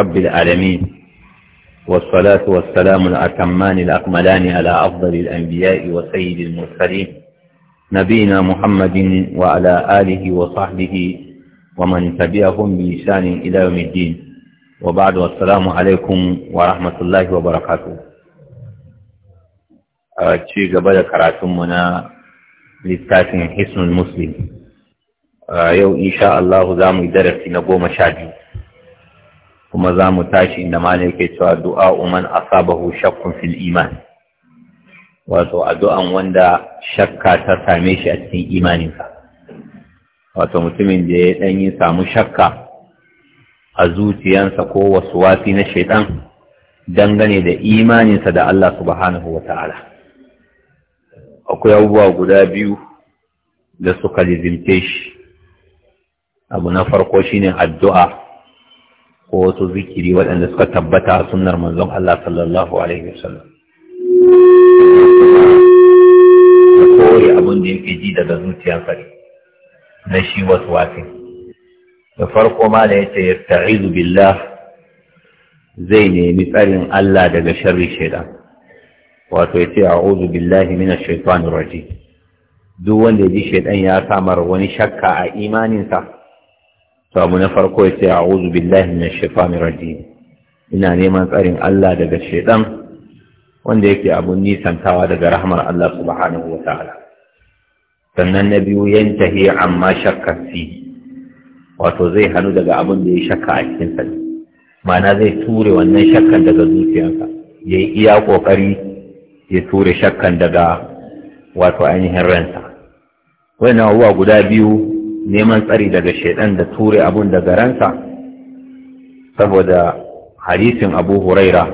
رب العالمين والصلاة والسلام الأكمان الأقملان على أفضل الأنبياء وسيد المرسلين نبينا محمد وعلى آله وصحبه ومن تبعهم بإحسان إلى يوم الدين وبعد والسلام عليكم ورحمة الله وبركاته شيء قبل كراتمنا للتاسع حسن المسلم yau insha Allah za mu yi darasi na kuma za mu tashi inda ma yake cewa du'a uman asabahu shakkun fil iman wato addu'an wanda shakka ta same shi a cikin imaninsa wato mutumin da ya dan yi samu shakka a zuciyarsa ko wasu wasi na shaiɗan, dangane da imaninsa da Allah subhanahu wa ta'ala akwai abubuwa guda biyu da suka lizimce shi abu na farko shine addu'a ko wasu zikiri waɗanda suka tabbata a manzon Allah sallallahu alaihi wasallam da abin da yake ji daga zuciyarsa ne na shi wasu wasin da farko ma da yace yasta'izu billah zai nemi tsarin Allah daga sharri shaidan. wato yace a'udhu billahi minash shaitanir rajim duk wanda ya ji shaidan ya samar wani shakka a imaninsa to abu na farko ya ce a'udhu billahi minash shaitanir rajim ina neman tsarin Allah daga shaidan wanda yake abun nisantawa daga rahmar Allah subhanahu wa ta'ala sannan na biyu yantahi amma shakka fi wato zai hannu daga abin da ya shakka a cikin sa mana zai ture wannan shakkan daga zuciyarsa ya yi iya ƙoƙari ya ture shakkan daga wato ainihin ransa wannan abubuwa guda biyu neman tsari daga shaidan da ture abun daga ransa saboda hadisin abu huraira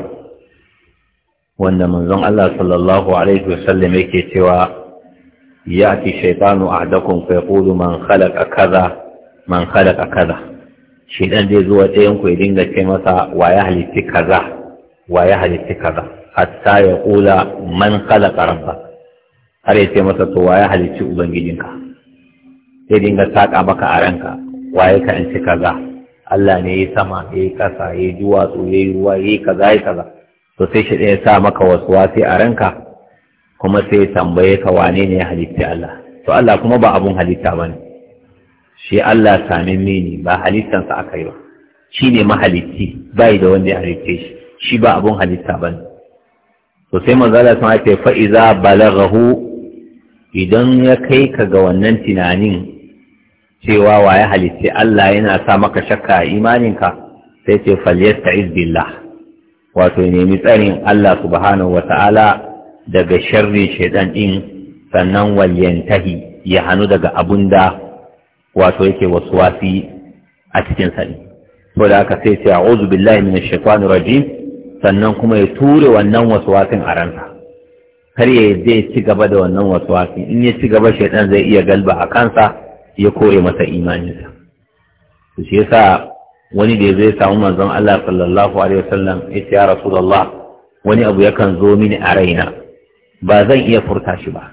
wanda manzon Allah sallallahu alaihi wasallam yake cewa ya yati shaytanu ahdakum fa yaqulu man khalaqa kaza man khalaqa kaza shaidan zai zo ɗayan ku ya dinga ce masa wa ya halitti kaza wa ya halitti kaza hatta ya kula man khalaqa rabbak har ya ce masa to wa ya halitti ubangijinka sai dinga saƙa maka a ranka waye ka in ci kaza Allah ne ya sama ya yi ƙasa ya yi duwatsu ya yi ruwa ya yi kaza ya kaza to sai shi ɗaya sa maka wasu wasi a ranka kuma sai tambaye ka wane ne ya halitta Allah to Allah kuma ba abun halitta ba ne shi Allah sami mini ba halittansa aka yi ba shi ne mahalitti bai da wanda ya halitta shi shi ba abun halitta ba ne to sai manzala sun ce fa'iza balagahu idan ya kai ka ga wannan tunanin cewa waye halitta Allah yana sa maka shakka a imaninka sai ce falyasta'iz billah wato nemi tsarin Allah subhanahu wata'ala daga sharri shaidan din sannan walyantahi ya hanu daga abunda wato yake waswasi a cikin sani ko da aka sai ce a'udhu billahi minash shaitanir rajim sannan kuma ya ture wannan waswasin a ranta. kar ya zai ci gaba da wannan waswasi in ya ci gaba shaiɗan zai iya galba a kansa ya kore masa imaninsa to shi yasa wani da zai samu manzon Allah sallallahu alaihi wasallam ya ce ya rasulullah wani abu yakan zo mini a raina ba zan iya furta shi ba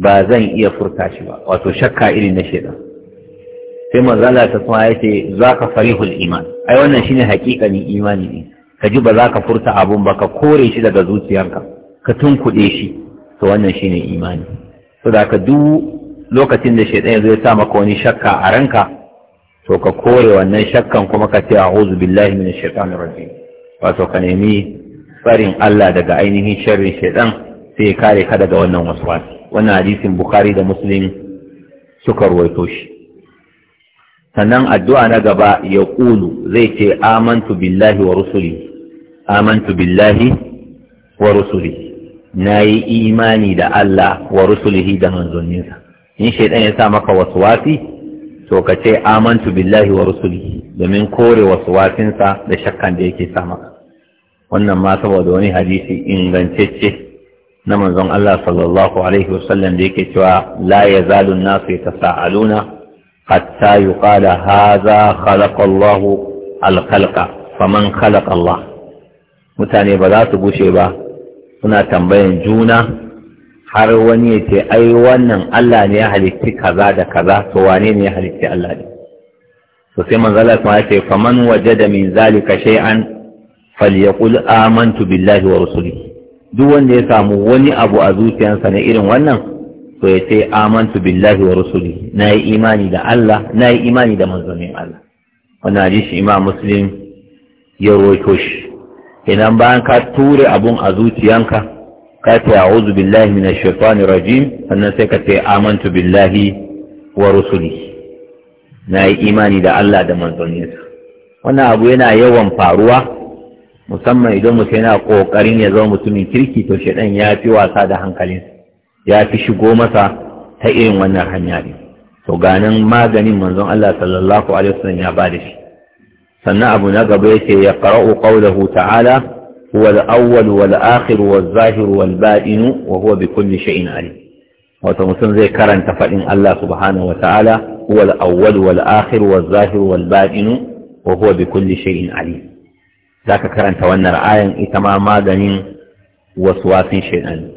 ba zan iya furta shi ba wato shakka irin na shedan sai manzon Allah ta kuma ya ce ka farihul iman ai wannan shine hakikanin imani ne ka ji ba za ka furta abun ba ka kore shi daga zuciyarka ka tunkuɗe shi to wannan shine imani saboda ka duk lokacin da shaidan ya zo ya sa maka wani shakka a ranka to ka kore wannan shakkan kuma ka ce a'udhu billahi minash shaitanir rajim wato ka nemi tsarin Allah daga ainihin sharrin shaidan sai ya kare ka daga wannan waswasi wannan hadisin bukhari da muslim suka ruwaito shi sannan addu'a na gaba ya kulu zai ce amantu billahi wa rusuli amantu billahi wa rusuli na imani da Allah wa rusulihi da manzonninsa in shaidan ya sa maka waswasi to ka ce amantu billahi wa rusuli domin kore waswasinsa da shakkan da yake sa maka wannan ma saboda wani hadisi ingantacce na manzon Allah sallallahu alaihi wasallam da yake cewa la yazalu an-nasu yatasaaluna hatta yuqala hadha khalaqa Allah al-khalqa faman khalaqa Allah mutane ba za su gushe ba suna tambayan juna har wani ya ce ai wannan Allah ne ya halitti kaza da kaza to wane ne ya halitti Allah ne to sai manzala kuma ya ce faman wajada min zalika shay'an falyaqul amantu billahi wa rusuli duk wanda ya samu wani abu a zuciyarsa na irin wannan to ya ce amantu billahi wa rusuli nayi imani da Allah imani da manzonin Allah wannan hadisi Imam Muslim ya rawaito shi idan bayan ka ture abun a zuciyarka. ka ce a'udhu billahi mina shekwani rajim sannan sai ka ce amantu billahi wa rusuli na yi imani da Allah da manzoninsa wannan abu yana yawan faruwa musamman idan mutum yana ƙoƙarin ya zama mutumin kirki to shaɗan ya fi wasa da hankalin. ya fi shigo masa ta irin wannan hanya ne to ganin maganin manzon Allah sallallahu alaihi wasallam ya bada shi sannan abu na gaba yace ya qara'u qawluhu ta'ala هو الأول والآخر والظاهر والبائن وهو بكل شيء عليم وتمسن زي كرن تفعل الله سبحانه وتعالى هو الأول والآخر والظاهر والبائن وهو بكل شيء عليم ذاك كرن تولنا رعايا إتماما دنين وسواس شيئا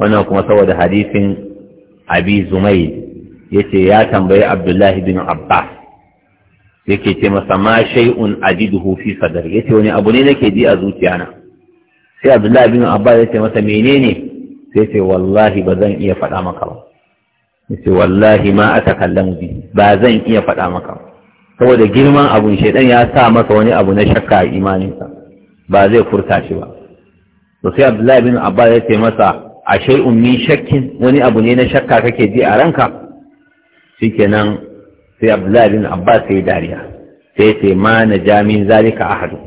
ونوكما سود حديث أبي زميل يتي يا تنبي عبد الله بن عباس yake ce masa ma shay'un ajiduhu fi sadri yace wani abu ne nake ji a zuciyana sai abdullahi bin abba ya ce masa menene sai ce wallahi ba zan iya faɗa maka ba sai wallahi ma aka kallon bi ba zan iya faɗa maka ba saboda girman abun shaidan ya sa masa wani abu na shakka a imaninsa ba zai furta shi ba to sai abdullahi bin abba ya ce masa a shay'un min shakkin wani abu ne na shakka kake ji a ranka shikenan sai abdullahi bin abba sai dariya sai ce ma na jami'in zalika ahadu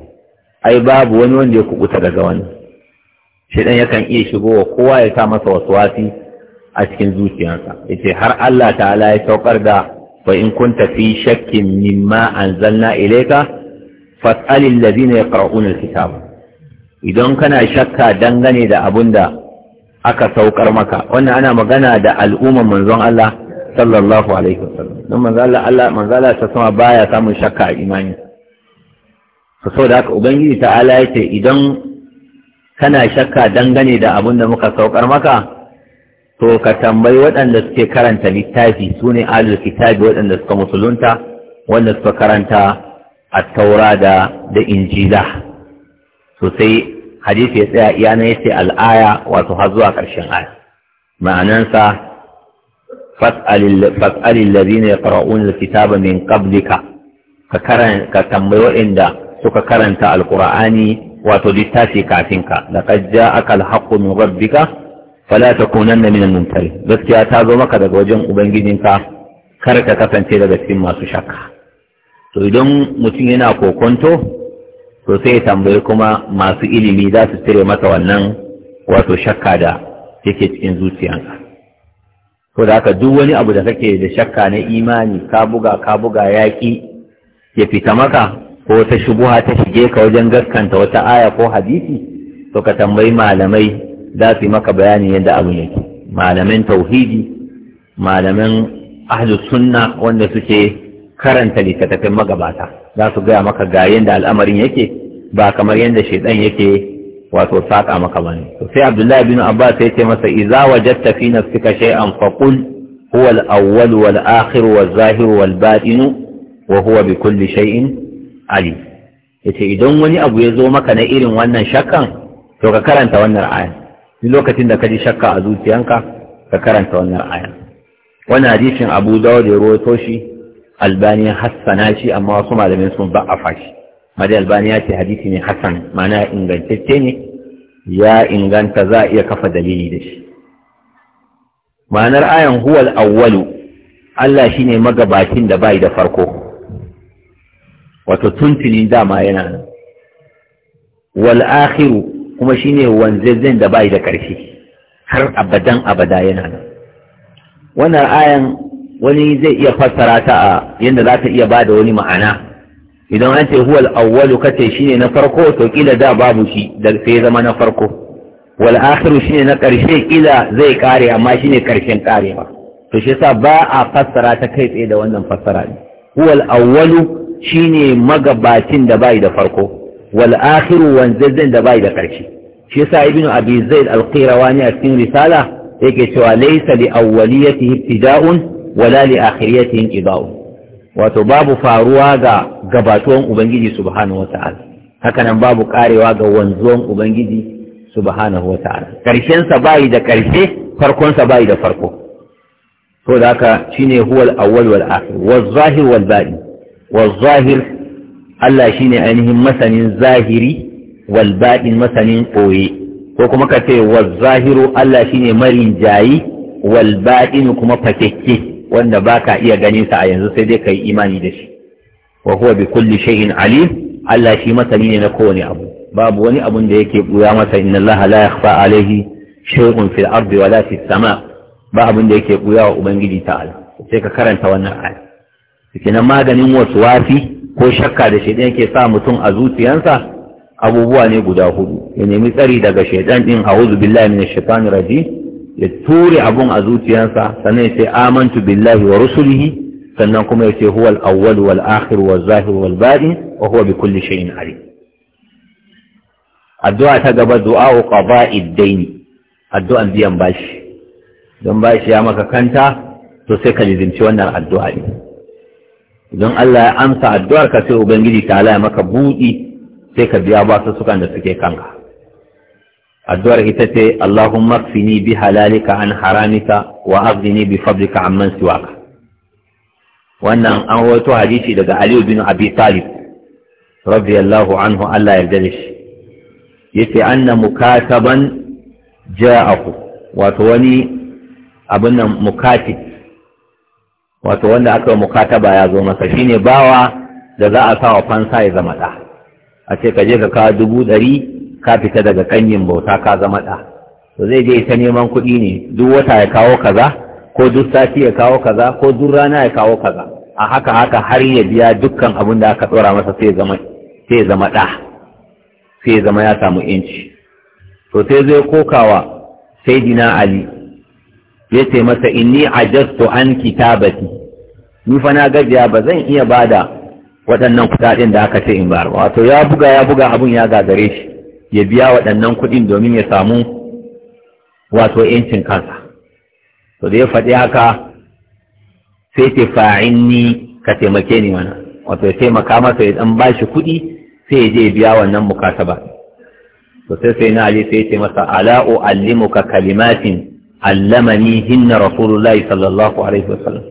ai babu wani wanda ya kubuta daga wani shaidan yakan iya shigowa kowa ya sa masa wasu wasi a cikin zuciyarsa yace har Allah ta'ala ya saukar da fa in kunta fi shakkin mimma anzalna ilayka fas'al alladhina yaqra'una alkitab idan kana shakka dangane da da aka saukar maka wannan ana magana da al'umman manzon Allah sallallahu alaihi wasallam don manzo Allah manzala ta sama baya samun shakka a imani da haka ubangiji ta'ala yace idan kana shakka dangane da abin da muka saukar maka to ka tambayi waɗanda suke karanta littafi su ne alul kitabi waɗanda suka musulunta wanda suka karanta a taura da da injila sosai hadisi ya tsaya iya na yace al'aya wato har zuwa ƙarshen aya ma'anansa fas'alil ladina yaqra'una alkitaba min qablika ka tambayi waɗanda suka karanta alqur'ani wato littafi kafin ka laqad ja'aka al-haqqu min rabbika fala takunanna min al-mumtari gaskiya ta zo maka daga wajen ubangijinka kar ka kasance daga cikin masu shakka to idan mutum yana kokonto to sai ya tambayi kuma masu ilimi za su cire masa wannan wato shakka da yake cikin zuciyarka. ko da haka duk wani abu da kake da shakka na imani ka buga ka buga yaki ya fita maka ko wata shubuha ta shige ka wajen gaskanta wata aya ko hadisi to ka tambayi malamai za su maka bayani yadda abu yake malamin tauhidi malamin ahlus sunna wanda suke karanta littattafin magabata za su gaya maka ga yadda al'amarin yake ba kamar yadda shaidan yake wato saka maka bane to sai abdullahi bin abbas sai ce masa idza wajadta fi nafsika shay'an faqul huwa al-awwal wal akhir wal zahir wal batin wa huwa bi kulli shay'in ali yace idan wani abu ya zo maka na irin wannan shakkan to ka karanta wannan aya duk lokacin da ka ji shakka a zuciyanka ka karanta wannan aya wannan hadisin abu dawud ya rawaito shi albani hassana shi amma wasu malamin sun a fashi madai albani ya ce hadisi ne hassan mana ingantacce ne ya inganta za a iya kafa dalili da shi ma'anar ayan huwal awwalu Allah shine magabatin da bai da farko wato tuntunin dama yana nan wal akhiru kuma shine wanzazzen da bai da karfi har abadan abada yana nan wannan ayan wani zai iya fassara ta a yadda za ta iya bada wani ma'ana idan an ce huwal awwalu kace shine na farko to kila da babu shi da sai zama na farko wal akhiru shine na ƙarshe kila zai kare amma shine ƙarshen karewa to shi yasa ba a fassara ta kai tsaye da wannan fassara ne huwal awwalu shine magabacin da bai da farko wal akhiru wanzazzin da bai da ƙarshe shi yasa ibnu abi zaid al-qirawani a cikin risala yake cewa laysa li awwaliyatihi ibtida'un wala li akhiriyatihi inqida'un wato babu faruwa ga gabatuwan ubangiji subhanahu wata'ala haka nan babu karewa ga wanzuwan ubangiji subhanahu wata'ala karshen sa bai da karshe farkon sa bai da farko to da haka shine huwal awwal wal akhir wal zahir wal batin wa zahir Allah shine ainihin masanin zahiri wal baɗin masanin ɓoye ko kuma ka ce wa zahiru Allah shine marin jayi wal baɗin kuma fakekke wanda baka iya ganinsa a yanzu sai dai ka yi imani da shi wa huwa bi kulli shay'in alim Allah shi masani ne na kowane abu babu wani abun da yake buya masa inna Allah la yakhfa alaihi shay'un fil ardi wala sama ba abun da yake buya wa ubangiji ta'ala sai ka karanta wannan aya kenan maganin wasu wafi ko shakka da shaidan yake sa mutum a zuciyansa abubuwa ne guda hudu ya nemi tsari daga shaidan din a'udhu billahi minash shaitani rajim ya ture abun a zuciyansa sannan ya ce amantu billahi wa rusulihi sannan kuma ya ce huwa al-awwal wal akhir wal zahir wal batin wa huwa bi kulli shay'in alim addu'a ta gaba du'a qada'id dayn addu'an biyan bashi don bashi ya maka kanta to sai ka lizinci wannan addu'a ne idan Allah ya amsa addu'ar ka sai ubangiji ta ya maka buɗi sai ka biya ba su sukan da suke kanka addu'ar ita ce Allahumma kfini bi halalika an haramika wa abdini bi fadlika amman siwaka wannan an wato hadisi daga aliyu bin Abi Talib radiyallahu anhu Allah yarda da shi yace anna mukataban ja'ahu wato wani abin nan mukatib wato wanda aka yi mukataba ya zo masa ne bawa da za a sa wa fansa ya zama ɗa a ce ka je ka kawo dubu ɗari ka fita daga kanyin bauta ka zama ɗa to zai je ta neman kuɗi ne duk wata ya kawo kaza ko duk sati ya kawo kaza ko duk rana ya kawo kaza a haka haka har ya biya dukkan abin da aka tsora masa sai zama sai zama ɗa sai zama ya samu inci to sai zai kokawa sai dina ali ya ce masa inni ajaztu an kitabati ni fa na gajiya ba zan iya ba da waɗannan kuɗaɗen da aka ce in ba. wato ya buga ya buga abun ya gagare shi ya biya waɗannan kuɗin domin ya samu wato yancin kansa to da ya faɗi haka sai fa'in ni ka taimake ni mana wato ya taimaka masa ya ba shi kuɗi sai ya je biya wannan mukataba to sai sai na ali sai ya ce masa ala ka kalimatin allamani hinna rasulullahi sallallahu alaihi wasallam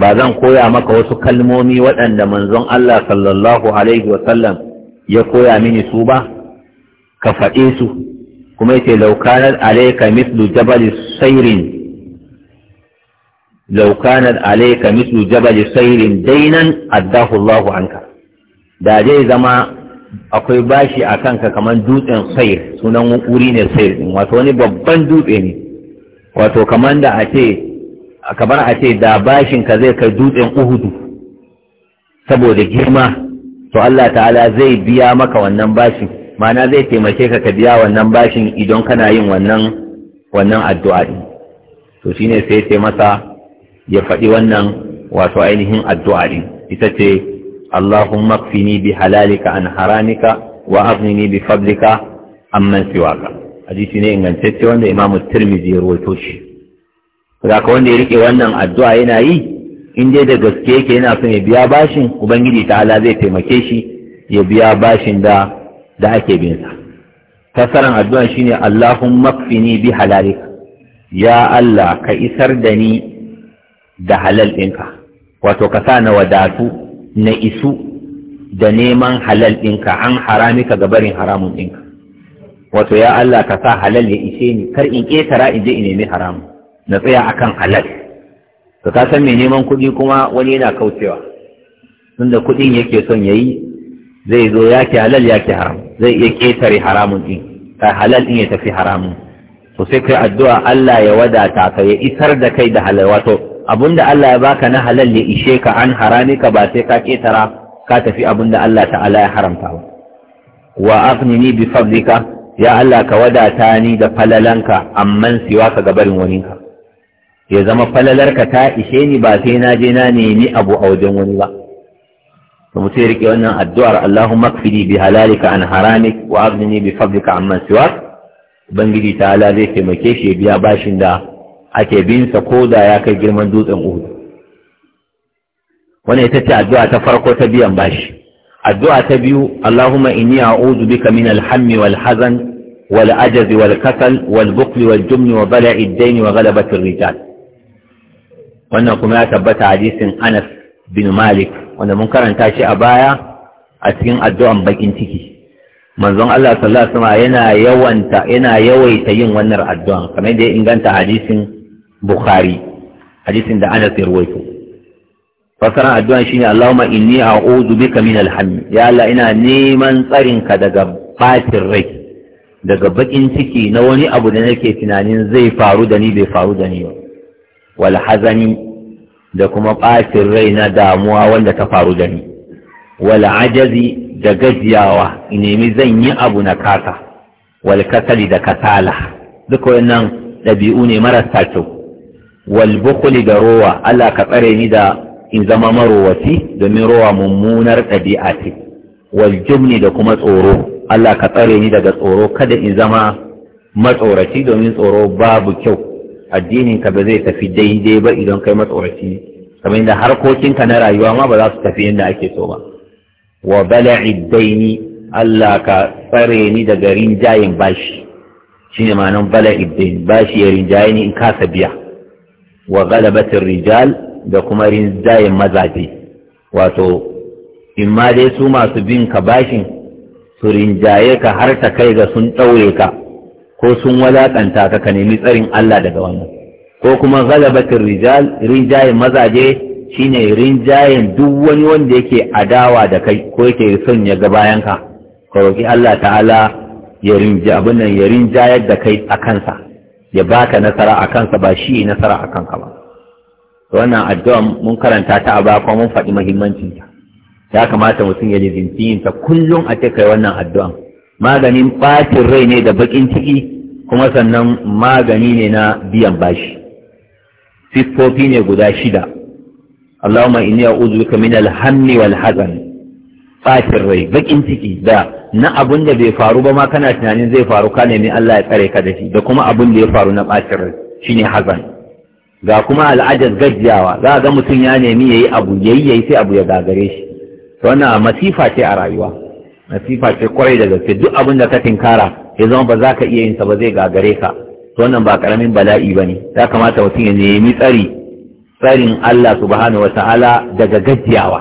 ba zan koya maka wasu kalmomi waɗanda manzon Allah sallallahu alaihi wasallam ya koya mini su ba ka faɗe su kuma yace laukanar alaika alayka mithlu jabal sayrin alayka mithlu sayrin dainan addahu Allahu anka da zai zama akwai bashi a kanka kamar dutsen sayr sunan wuri ne sayr wato wani babban dutse ne wato kamar da a ce kamar a ce da zai kai dutsen uhudu saboda girma to Allah ta'ala zai biya maka wannan bashin Ma'ana zai taimake ka ka biya wannan bashin idan kana yin wannan wannan addu'a din to shine sai taimaka masa ya faɗi wannan wato ainihin addu'a din ita ce Allahuma kfini bi halalika an haramika wa aghnini bi fadlika hadisi ne ingantacce wanda imamu tirmidhi ya rawaito shi ka wanda ya rike wannan addu'a yana yi in dai da gaske yake yana son ya biya bashin ubangiji ala zai taimake shi ya biya bashin da da ake bin sa fasaran addu'a shine Allahumma kfini bi halalik ya Allah ka isar da ni da halal ɗinka wato ka sa na wadatu na isu da neman halal ɗinka an haramika ga barin haramun ɗinka wato ya Allah ka sa halal ya ishe ni kar in ƙetara in je in nemi haram na tsaya akan halal to ka san mai neman kuɗi kuma wani yana kaucewa tunda kuɗin yake son yayi zai zo ya halal ya haram zai iya ƙetare haramun ɗin ka halal ɗin ya tafi haramun to sai kai addu'a Allah ya wadata ka ya isar da kai da halal wato abinda Allah ya baka na halal ya ishe ka an haramika ba sai ka ƙetara ka tafi abinda Allah ta'ala ya haramta ba wa afnini bi fadlika ya Allah ka wadata ni da falalanka amman siwa ka gabarin waninka ya zama falalarka ta ishe ni ba sai na je na nemi abu a wajen wani ba to mutum ya rike wannan addu'ar Allahumma Makfidi bi halalika an haramik wa aghnini bi fadlika amman siwa ta ala zai taimake shi biya bashin da ake bin sa ko da ya kai girman dutsen Uhud wannan ita ce addu'a ta farko ta biyan bashi addu'a ta biyu Allahumma inni a'udhu bika min al-hammi wal hazan wal ajaz wal kasal wal bukli wal jumni wa bala'i ad-dayn wa ghalabati ar-rijal wannan kuma ya tabbata hadisin Anas bin Malik wanda mun karanta shi a baya a cikin addu'an bakin ciki manzon Allah sallallahu alaihi wasallam yana yawanta yana yawaita yin wannan addu'an kamar da ya inganta hadisin Bukhari hadisin da Anas ya ruwaito fasaran addu'a shine Allahumma inni a'udhu bika min al-hamm ya Allah ina neman tsarin ka daga batin rai daga bakin ciki na wani abu da nake tunanin zai faru da ni bai faru da ni ba wal hazani da kuma ɓacin rai na damuwa wanda ta faru da ni wal ajazi da gajiyawa nemi zan yi abu na kasa wal kasali da kasala duk wannan ɗabi'u ne marasa kyau wal bukuli da rowa Allah ka tsare ni da in zama marowaci domin rowa mummunar ɗabi'a ce wal da kuma tsoro Allah ka tsare ni daga tsoro kada in zama matsoraci domin tsoro babu kyau addinin ka ba zai tafi daidai ba idan kai matsoraci kamar da harkokinka na rayuwa ma ba za su tafi yadda ake so ba wa bala'i daini Allah ka tsare ni daga rinjayen bashi shine nan bala'i daini bashi ya rinjaye ni in kasa biya wa galabatin rijal da kuma rinjayen mazaje wato in ma dai su masu bin ka bashin su rinjaye ka har ta kai ga sun ɗaure ka ko sun walaƙanta ka ka nemi tsarin Allah daga wannan ko kuma galabatin rinjayen mazaje shine rinjayen duk wani wanda yake adawa da kai ko yake son ya ga bayan ka roki Allah ta'ala ya rinja abin nan ya rinjayar da kai a kansa ya baka nasara a kansa ba shi nasara a kanka ba wannan addu'a mun karanta ta a baya mun faɗi muhimmancinta. ta ya kamata mutum ya lizinci yin ta kullum a ce wannan addu'a maganin ɓacin rai ne da baƙin ciki kuma sannan magani ne na biyan bashi siffofi ne guda shida Allahumma inni a'udhu bika min alhammi wal hazan ɓacin rai baƙin ciki da na abun da bai faru ba ma kana tunanin zai faru ka nemi Allah ya tsare ka da shi da kuma abun da ya faru na ɓacin rai shine hazan ga kuma al'ajar gajiyawa za a ga mutum ya nemi ya yi abu ya yi sai abu ya gagare shi wannan masifa ce a rayuwa masifa ce kwarai da gaske duk abin da ka tinkara ya zama ba za ka iya yin sa ba zai gagare ka wannan ba karamin bala'i ba ne ya kamata mutum ya nemi tsari tsarin Allah subhanahu wa ta'ala daga gajiyawa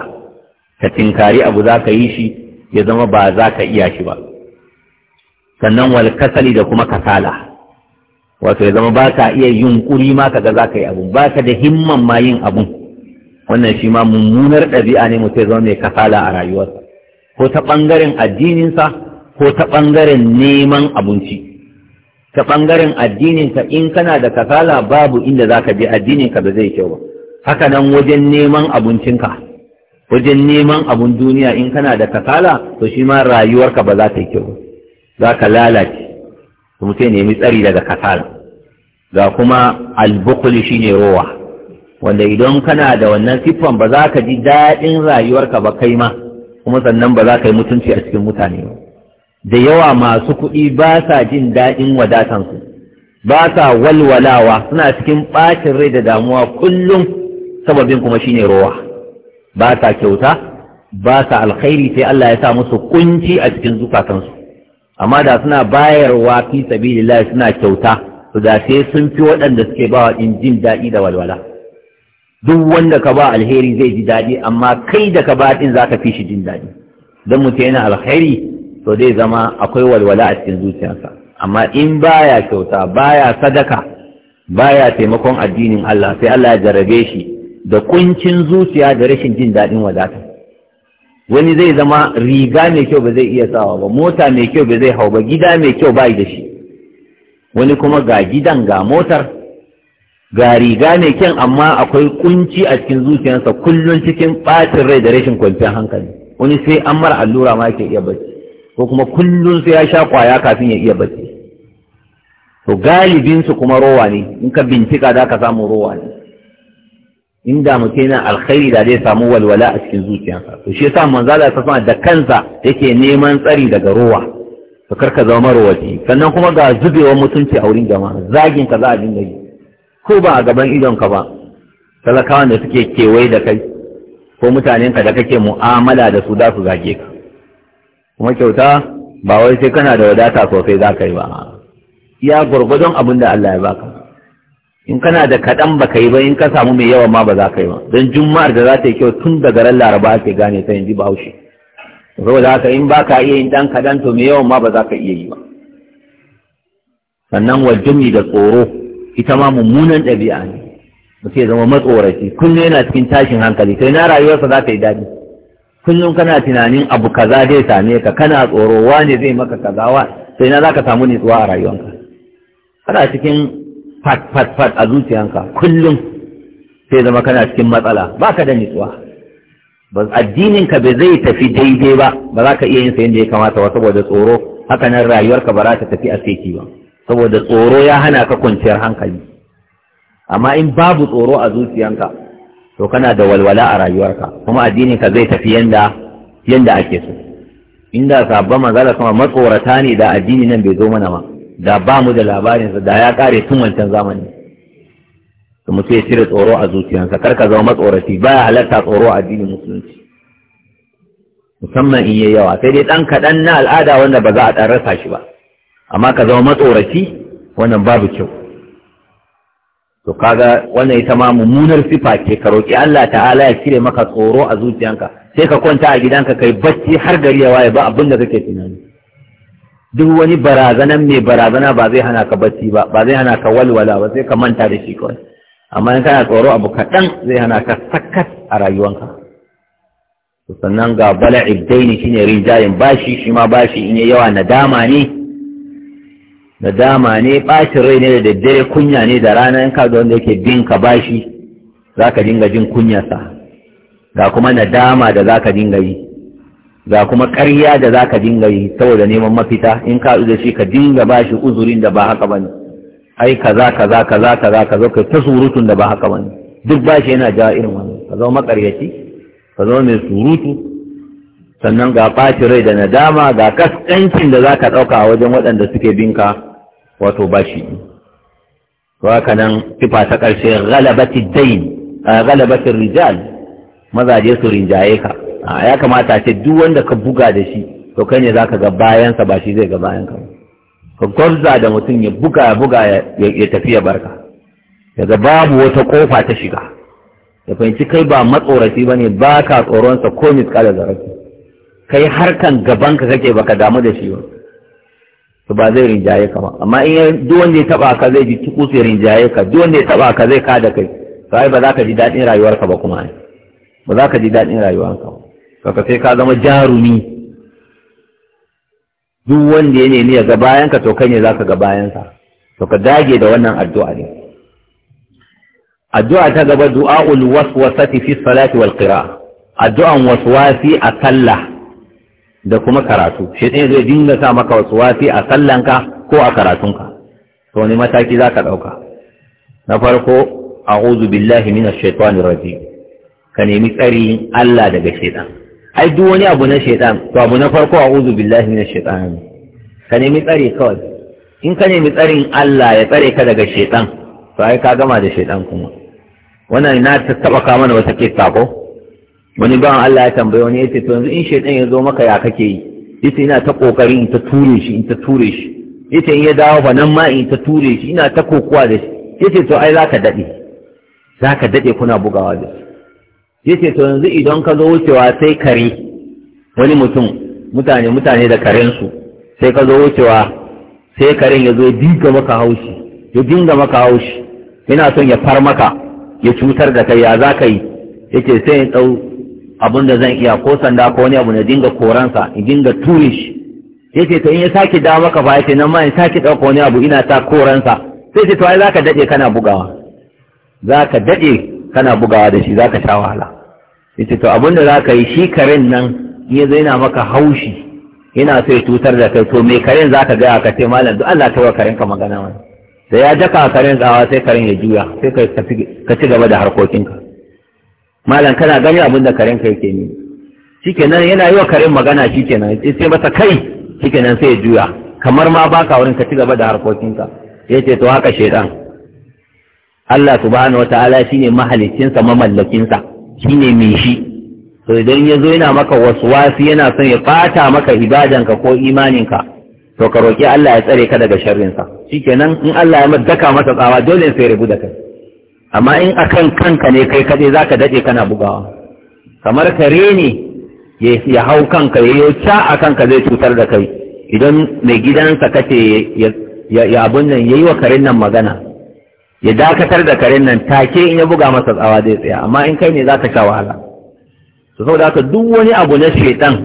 ka tinkari abu za ka yi shi ya zama ba za ka iya shi ba sannan wal kasali da kuma kasala wato ya zama ba ka iya yunkuri ma kaga za ka yi abun ba ka da himman ma yin abun wannan shi ma mummunar ɗabi'a ne mutum ya zama mai kasala a rayuwarsa ko ta ɓangaren addininsa ko ta ɓangaren neman abinci ta ɓangaren addininka in kana da kasala babu inda za ka je addininka ba zai kyau ba haka nan wajen neman abincinka wajen neman abun duniya in kana da kasala to shi ma rayuwarka ba za ta yi kyau ba. za ka lalace kuma sai nemi tsari daga kasala ga kuma albukuli shine rowa wanda idan kana da wannan siffan ba za ka ji daɗin rayuwarka ba kai ma kuma sannan ba za ka yi mutunci a cikin mutane ba da yawa masu kuɗi ba sa jin daɗin wadatansu ba sa walwalawa suna cikin ɓacin rai da damuwa kullum sababin kuma shine rowa ba sa kyauta ba sa alkhairi sai Allah ya sa musu kunci a cikin zukatansu amma da suna bayarwa fi Sabilillahi, suna kyauta to da sai sun fi waɗanda suke ba din jin daɗi da walwala duk wanda ka ba alheri zai ji daɗi amma kai da ka ba din zaka fi shi jin daɗi dan mu yana alheri to zai zama akwai walwala a cikin zuciyarsa amma in baya kyauta baya sadaka baya taimakon addinin Allah sai Allah ya jarabe shi da kuncin zuciya da rashin jin daɗin wadata wani zai zama riga mai kyau ba zai iya sawa ba mota mai kyau ba zai hau ba gida mai kyau ba da shi wani kuma ga gidan ga motar ga riga mai kyau amma akwai kunci a cikin zuciyarsa kullum cikin ɓacin rai da rashin kwanciyar hankali wani sai an mara allura ma ke iya bacci ko kuma kullum sai ya sha kwaya kafin ya iya bacci to galibinsu kuma rowa ne in ka bincika za ka samu rowa ne inda mutum yana alkhairi da zai samu walwala a cikin zuciyarsa to shi yasa manzo Allah ta sama da kansa yake neman tsari daga ruwa. to karka zama marwaci sannan kuma ga zubewar mutunci a wurin jama'a zagin ka za a dinga yi ko ba a gaban idon ka ba talakawan da suke kewaye da kai ko mutanen ka da kake mu'amala da su da su zage ka kuma kyauta ba wai sai kana da wadata sosai za ka yi ba iya gwargwadon abin da Allah ya baka in kana da kaɗan ba ka yi ba in ka samu mai yawan ma ba za ka yi ba don juma'ar da za ta yi kyau tun daga ran laraba ake gane ta yanzu ba bahaushe saboda haka in ba ka iya yin ɗan kaɗan to mai yawan ma ba za ka iya yi ba sannan wajumi da tsoro ita ma mummunan ɗabi'a ne ba ke zama matsoraci kullum yana cikin tashin hankali sai na rayuwarsa za ta yi daɗi kullum kana tunanin abu kaza zai same ka kana tsoro wane zai maka kaza wa sai na za ka samu nutsuwa a rayuwarka kana cikin fat fat fat a zuciyanka kullum sai zama kana cikin matsala ba ka da nitsuwa ba addininka bai zai tafi daidai ba ba za ka iya yin sayan da ya kamata ba saboda tsoro haka nan rayuwarka ba za ta tafi a ba saboda tsoro ya hana ka kwanciyar hankali amma in babu tsoro a zuciyanka to kana da walwala a rayuwarka kuma addininka zai tafi yanda yanda ake so inda sabon manzala kuma matsorata ne da addini nan bai zo mana ba da ba mu da labarinsa da ya kare tun wancan zamani da mutum ya cire tsoro a zuciyarsa kar ka zama ba baya halarta tsoro a addinin musulunci musamman in yi yawa sai dai ɗan kaɗan na al'ada wanda ba za a ɗan rasa shi ba amma ka zama matsorafi wannan babu kyau to kaga wannan ita ma mummunar sifa ce ka roƙi Allah ta'ala ya cire maka tsoro a zuciyarka sai ka kwanta a gidanka kai bacci har gari ya waye ba abin da kake tunani duk wani barazanan mai barazana ba zai hana ka bacci ba ba zai hana ka walwala ba sai ka manta da shi kawai amma in kana tsoro abu kaɗan zai hana ka sakat a rayuwanka sannan ga bala ibdaini shine rijayin bashi shi ma bashi in yawa nadama ne nadama ne bashi rai ne da daddare kunya ne da rana in ka ga wanda yake bin ka bashi zaka dinga jin kunyarsa ga kuma nadama da zaka dinga yi ga kuma ƙarya da za ka dinga yi saboda neman mafita in ka da shi ka dinga ba shi uzurin da ba haka ba ne ai kaza kaza kaza kaza zo ka ta surutun da ba haka ba ne duk ba shi yana jawa irin wani ka zama makaryaci ka zama mai surutu sannan ga ɓacin rai da nadama ga kaskancin da za ka ɗauka a wajen waɗanda suke binka wato ba shi to haka nan ta ƙarshe galabati dain galabati rijal mazaje su rinjaye ka ya kamata ce duk wanda ka buga da shi to kai ne zaka ga bayansa ba shi zai ga bayan ka ka gwarza da mutum ya buga ya buga ya tafi ya barka daga babu wata kofa ta shiga ya fahimci kai ba matsoraci ba ne ba ka tsoronsa ko da zarafi kai harkan ka kake baka damu da shi ba to ba zai rinjaye ka ba amma in duk wanda ya taba ka zai ji tukus ya rinjaye ka duk wanda ya taba ka zai kada kai sai ba za ka ji daɗin rayuwarka ba kuma ba za ka ji daɗin rayuwarka ba kaka sai ka zama jarumi duk wanda ya nemi ya ga bayanka to kai ne za ka ga bayansa to ka dage da wannan addu'a ne addu'a ta gaba du'a'ul waswasati fi salati wal qira'a addu'an waswasi a sallah da kuma karatu ne zai dinga sa maka waswasi a sallanka ko a karatunka to ne mataki za ka ɗauka na farko a'udhu billahi minash shaitani rajim ka nemi tsari Allah daga shaitan ai duk wani abu na shaitan to abu na farko a uzu billahi na shaitan ka nemi tsare kawai in ka nemi tsarin Allah ya tsare ka daga shaitan to ai ka gama da shaitan kuma wannan na taba ka mana wata kissa ko wani ba Allah ya tambaye wani yace to yanzu in shaitan ya zo maka ya kake yi yace ina ta kokarin in ta ture shi in ta ture shi yace in ya dawo fa nan ma in ta ture shi ina ta kokuwa da shi yace to ai zaka dade zaka dade kuna bugawa da shi yace to yanzu idan ka zo wucewa sai kare wani mutum mutane mutane da karensu sai ka zo wucewa sai karen ya zo dinga maka haushi ya dinga maka haushi yana son ya far maka ya cutar da kai ya za ka yi yace sai in ɗau abin da zan iya ko sanda ko wani abu na dinga koransa in dinga ture shi yace to in ya sake dawo maka ba yace nan ma in sake ɗauka wani abu ina ta koransa sai ce to ai za ka daɗe kana bugawa za ka daɗe kana bugawa da shi za ka sha wahala yace to abinda za ka yi shi karen nan ya zaina maka haushi yana so ya cutar da kai to mai karen za ka gaya ka ce malam duk Allah ta wa karen ka magana wani da ya jaka karen tsawa sai karen ya juya sai ka ci gaba da harkokinka malam kana gani abinda karen ka yake ne shikenan yana yi wa karen magana shikenan sai masa kai shikenan sai ya juya kamar ma baka wurin ka ci gaba da harkokinka ce to haka shaidan, Allah subhanahu shi shine mahalicinsa mamallakinsa shine mai shi to idan ya zo yana maka wasu waswasi yana son ya fata maka ibadanka ko imaninka to ka roƙi Allah ya tsare ka daga sharrinsa shikenan in Allah ya daka masa tsawa dole sai rabu da kai amma in akan kanka ne kai kaɗai za ka daɗe kana bugawa kamar kare ne ya hau kanka ya yi ca a kanka zai cutar da kai idan mai gidansa kace ya abun nan ya yi wa karen nan magana ya dakatar da karen nan take in ya buga masa tsawa zai tsaya amma in kai ne za ka sha wahala su sau da duk wani abu na shaitan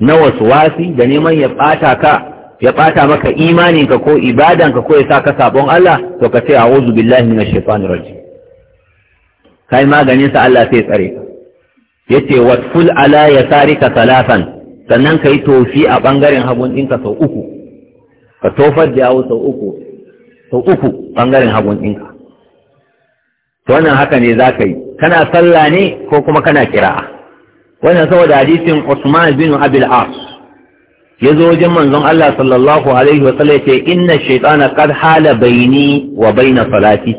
na wasu wasi da neman ya ɓata ka ya ɓata maka imaninka ko ibadanka ko ya sa ka sabon Allah to ka ce a wuzu billahi na shaitan raji. kai maganin sa Allah sai tsare ka yace ful ala ya ka salasan sannan ka yi tofi a bangaren hagun ɗinka sau uku ka tofar da yawo sau uku sau uku ɓangaren hagun ɗinka to wannan haka ne za ka yi kana sallah ne ko kuma kana kira'a wannan saboda hadisin Usman bin Abil As ya zo wajen manzon Allah sallallahu alaihi wa sallam yace inna shaytana qad hala baini wa baina salati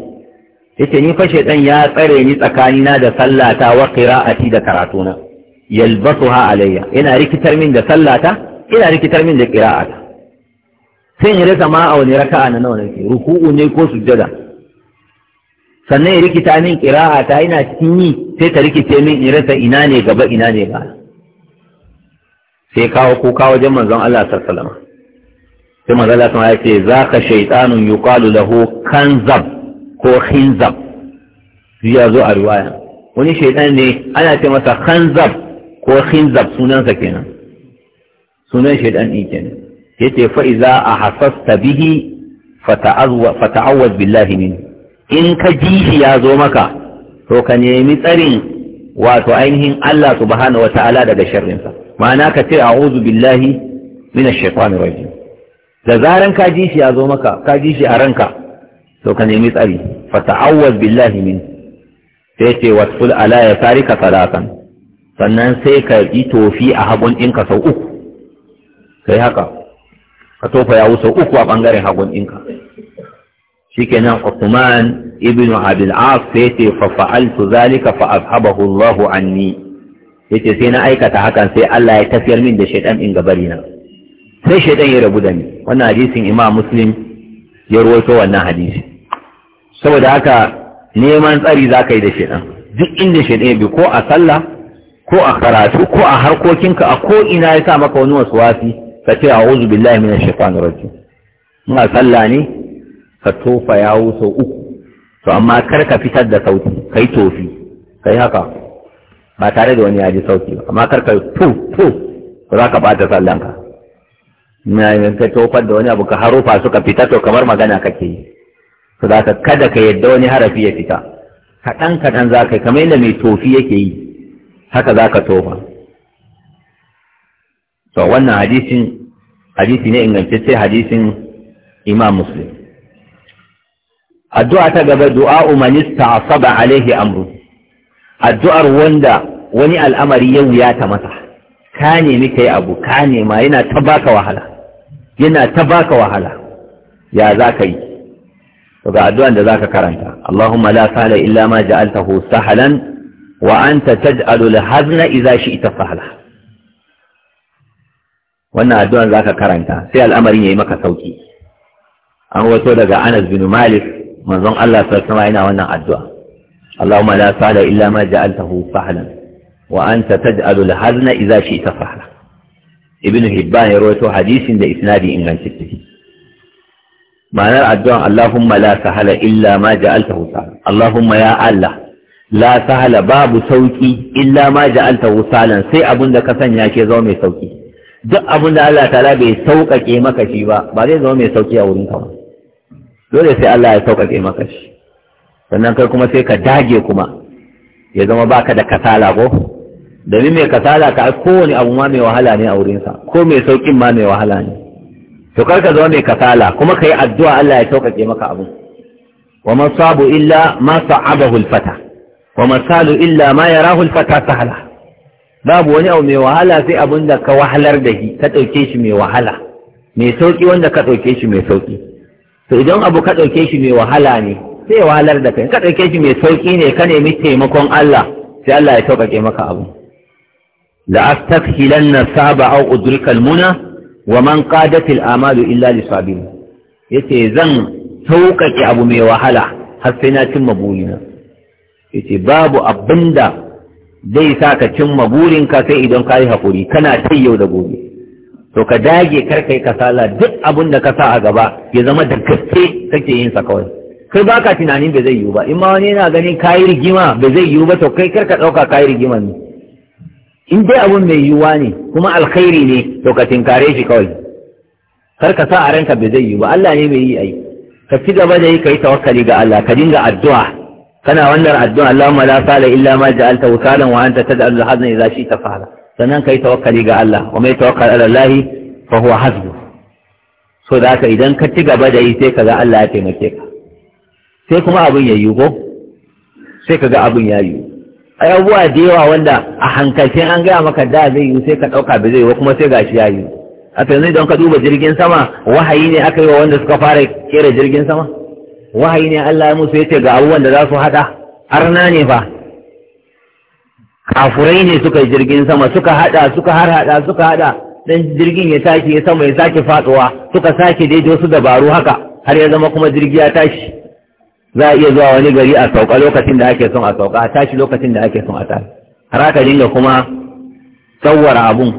yace ni fa shaytan ya tsare ni tsakanina da sallata wa qira'ati da karatuna yalbasuha alayya ina rikitar min da sallata ina rikitar min da kira'ata sai in rasa ma a wani raka'a na nawa nake ruku'u ne ko sujjada sannan ya rikita min qira'a ta ina cikin yi sai ta rikice min in rasa ina ne gaba ina ne ba sai kawo ko kawo wajen manzon Allah sallallahu alaihi wasallam sai manzon Allah sallallahu alaihi wasallam ya ce zaka shaytanun yuqalu lahu kanzab ko khinzab ya zo a riwaya wani shaytan ne ana ce masa khanzab ko khinzab sunansa kenan sunan shaytan din kenan yace fa iza ahasasta bihi fata'awwaz billahi min in ka ji shi ya zo maka to ka nemi tsarin wato ainihin Allah subhanahu wata'ala daga sharrinsa ma'ana ka ce a'udhu billahi minash shaitanir rajim da zaran ka ji shi ya zo maka ka ji shi a ranka to ka nemi tsari fata'awwaz billahi min sai ce wasful ala ya tarika salatan sannan sai ka yi tofi a hagun ɗinka sau uku sai haka ka tofa ya wuce uku a bangaren hagun ɗinka shikenan Uthman ibn Abil As yace fa fa'altu zalika fa azhabahu Allahu anni yace sai na aikata hakan sai Allah ya tafiyar min da shaytan in gabari na sai shaytan ya rabu da ni wannan hadisin Imam Muslim ya rawaito wannan hadisi saboda haka neman tsari zaka yi da shaytan duk inda shaytan bi ko a sallah ko a karatu ko a harkokinka a ko ina ya sa maka wani wasi. ka ce a uzu billahi mina shaitan rajim in a sallah ne ka tofa yawo sau uku to amma kar ka fitar da sauti ka yi tofi ka yi haka ba tare da wani ya ji sauti ba amma kar ka yi tu tu za ka bata sallanka na ka tofar da wani abu ka harufa suka fita to kamar magana kake yi to za ka kada ka yadda wani harafi ya fita kaɗan kaɗan za ka yi kamar yadda mai tofi yake yi haka za ka tofa to wannan hadisin hadisi ne ingantacce hadisin imam muslim addu'a ta gaba du'a umanista asaba alaihi amru addu'ar wanda wani al'amari ya wuyata masa ka nemi kai abu ka nema yana ta baka wahala yana ta baka wahala ya za ka yi ga addu'an da za ka karanta Allahumma la sahla illa ma ja'altahu sahlan wa anta taj'alul hazna idza shi'ta sahla wannan addu'an za ka karanta sai al'amarin ya yi maka sauki an wato daga Anas bin Malik manzon Allah sallallahu alaihi yana wannan addu'a Allahumma la sahla illa ma ja'altahu sahlan wa anta taj'alu al-hazna idza shi'ta sahla ibn Hibban ya rawaito hadisin da isnadi ingantacce ma'anar addu'an Allahumma la sahala illa ma ja'altahu sahlan Allahumma ya Allah la sahala babu sauki illa ma ja'altahu sahlan sai abin da ka sanya ke zama mai sauki duk abin da Allah ta'ala bai sauƙaƙe maka shi ba ba zai zama mai sauƙi a wurin ka ba dole sai Allah ya sauƙaƙe maka shi sannan kai kuma sai ka dage kuma ya zama baka da kasala ko domin mai kasala ka kowane abu ma mai wahala ne a wurinsa ko mai sauƙin ma mai wahala ne to kar ka zama mai kasala kuma ka yi addu'a Allah ya sauƙaƙe maka abu wa man sabu illa ma sa'abahu al-fata wa masalu illa ma yarahu al-fata sahala babu wani abu mai wahala sai abin da ka wahalar da shi ka ɗauke shi mai wahala mai sauƙi wanda ka ɗauke shi mai sauƙi to idan abu ka ɗauke shi mai wahala ne sai wahalar da kai ka ɗauke shi mai sauƙi ne ka nemi taimakon Allah sai Allah ya sauƙaƙe maka abu la astakhilanna saba aw udrika almuna wa man qadat alamalu illa lisabir yace zan sauƙaƙe abu mai wahala har sai na cimma burina yace babu abinda zai sa ka cimma burinka sai idan ka yi haƙuri kana ta yau da gobe to ka dage kar kai kasala duk abin da ka sa a gaba ya zama da gaske kake yin sa kawai kai baka tunanin bai zai yiwu ba in ma wani yana ganin kayi rigima bai zai yiwu ba to kai kar ka ɗauka kayi rigima ne in dai abun mai yiwuwa ne kuma alkhairi ne to ka tinkare shi kawai kar ka sa a ranka bai zai yiwu ba Allah ne mai yi ai ka ci gaba da yi ka yi tawakkali ga Allah ka dinga addu'a kana wannan addu'a Allahumma la sala illa ma ja'alta wukalan wa anta tad'al al-hazna idza shi'ta fa'ala sannan kai tawakkali ga Allah wa mai tawakkal ala Allah fa huwa hasbu so da ka, idan ka ci gaba da yi sai kaga Allah ya taimake ka sai kuma abin ya yi ko sai kaga abin ya yi ai abubuwa da yawa wanda a hankalce an gaya maka da zai yi sai ka dauka ba zai yi kuma sai gashi ya yi a yanzu idan ka duba jirgin sama wahayi ne aka yi wa wanda suka fara kera jirgin sama wahayi ne Allah ya musu yace ga abubuwan da za su hada arna ne fa kafurai ne suka yi jirgin sama suka hada suka har hada suka hada dan jirgin ya tashi ya sama ya sake faduwa suka sake daidai wasu dabaru haka har ya zama kuma jirgi ya tashi za a iya zuwa wani gari a sauka lokacin da ake son a sauka a tashi lokacin da ake son a tashi har aka dinga kuma tsawara abun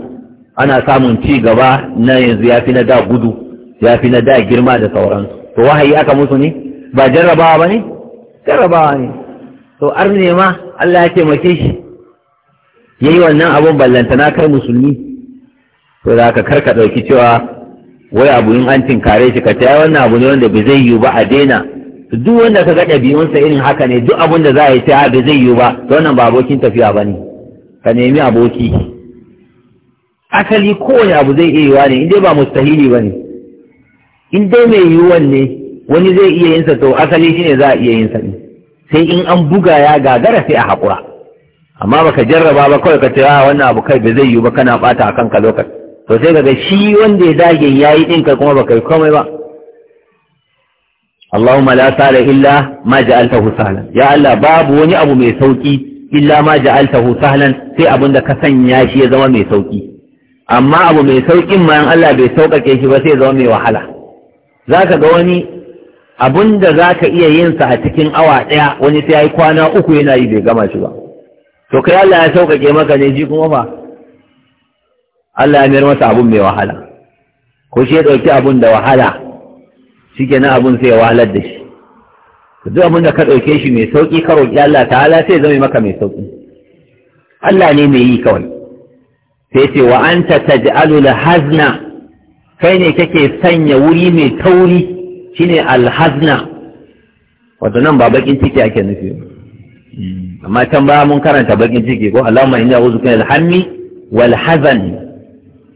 ana samun ci gaba na yanzu ya fi na da gudu ya fi na da girma da sauransu to wahayi aka musu ne ba jarrabawa ba ne? jarrabawa ne to arne ma Allah ya taimake shi ya yi wannan abun ballantana kai musulmi to da ka karka ɗauki cewa wai abu in an tinkare shi ka ta wannan abu ne wanda bai zai yiwu ba a daina duk wanda ka ga ɗabi'unsa irin haka ne duk abin da za a yi ta bai zai yiwu ba to wannan ba abokin tafiya ba ne ka nemi aboki asali kowane abu zai iya yiwuwa ne in dai ba mustahili ba ne in dai mai yiwuwan ne wani zai iya yin sa, to asali shine za a iya yin sa. sai in an buga ya gagara sai a haƙura amma baka jarraba ba kawai ka ce ah, wannan abu kai ba zai yi ba kana bata a kanka lokaci to sai shi wanda ya dage ya yi ɗinka kuma baka yi komai ba Allahumma la sala illa ma ja'altahu sahlan ya Allah babu wani abu mai sauki illa ma ja'altahu sahlan sai abin da ka sanya shi ya zama mai sauki amma abu mai saukin ma Allah bai sauƙaƙe shi ba sai ya zama mai wahala zaka ga wani abun da za ka iya yin sa a cikin awa ɗaya wani sai ya yi kwana uku yana yi bai gama shi ba to kai Allah ya sauƙaƙe maka ne ji kuma ba Allah ya mayar masa abun mai wahala ko shi ya ɗauki abun da wahala shi na abun sai ya wahalar da shi duk abun da ka ɗauke shi mai sauƙi ka roƙi Allah ta, hala sai zama maka mai sauƙi Allah ne mai yi kawai sai ce wa anta taj'alul hazna kai ne kake sanya wuri mai tauri shi ne alhazna wato nan ba bakin ciki ake nufi amma can ba mun karanta bakin ciki ko alama inda wuzu kan alhammi wal hazan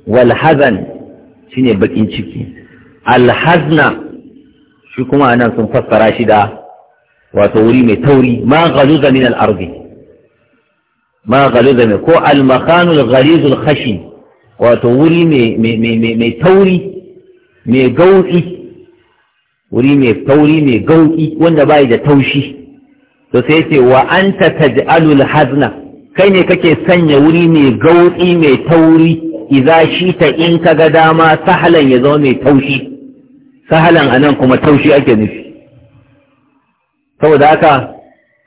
wal hazan shine bakin ciki alhazna shi kuma nan sun fassara shi da wato wuri mai tauri ma ghaluza min al-ardi ma ghaluza min ko almakanul makhanul ghalizul khashi wato wuri mai mai tauri mai gautsi wuri mai tauri mai gauki wanda bai da taushi to sai ce wa anta taj'alul hazna kai ne kake sanya wuri mai gauki mai tauri idza shita in kaga dama sahalan ya zama mai taushi sahalan anan kuma taushi ake nufi saboda haka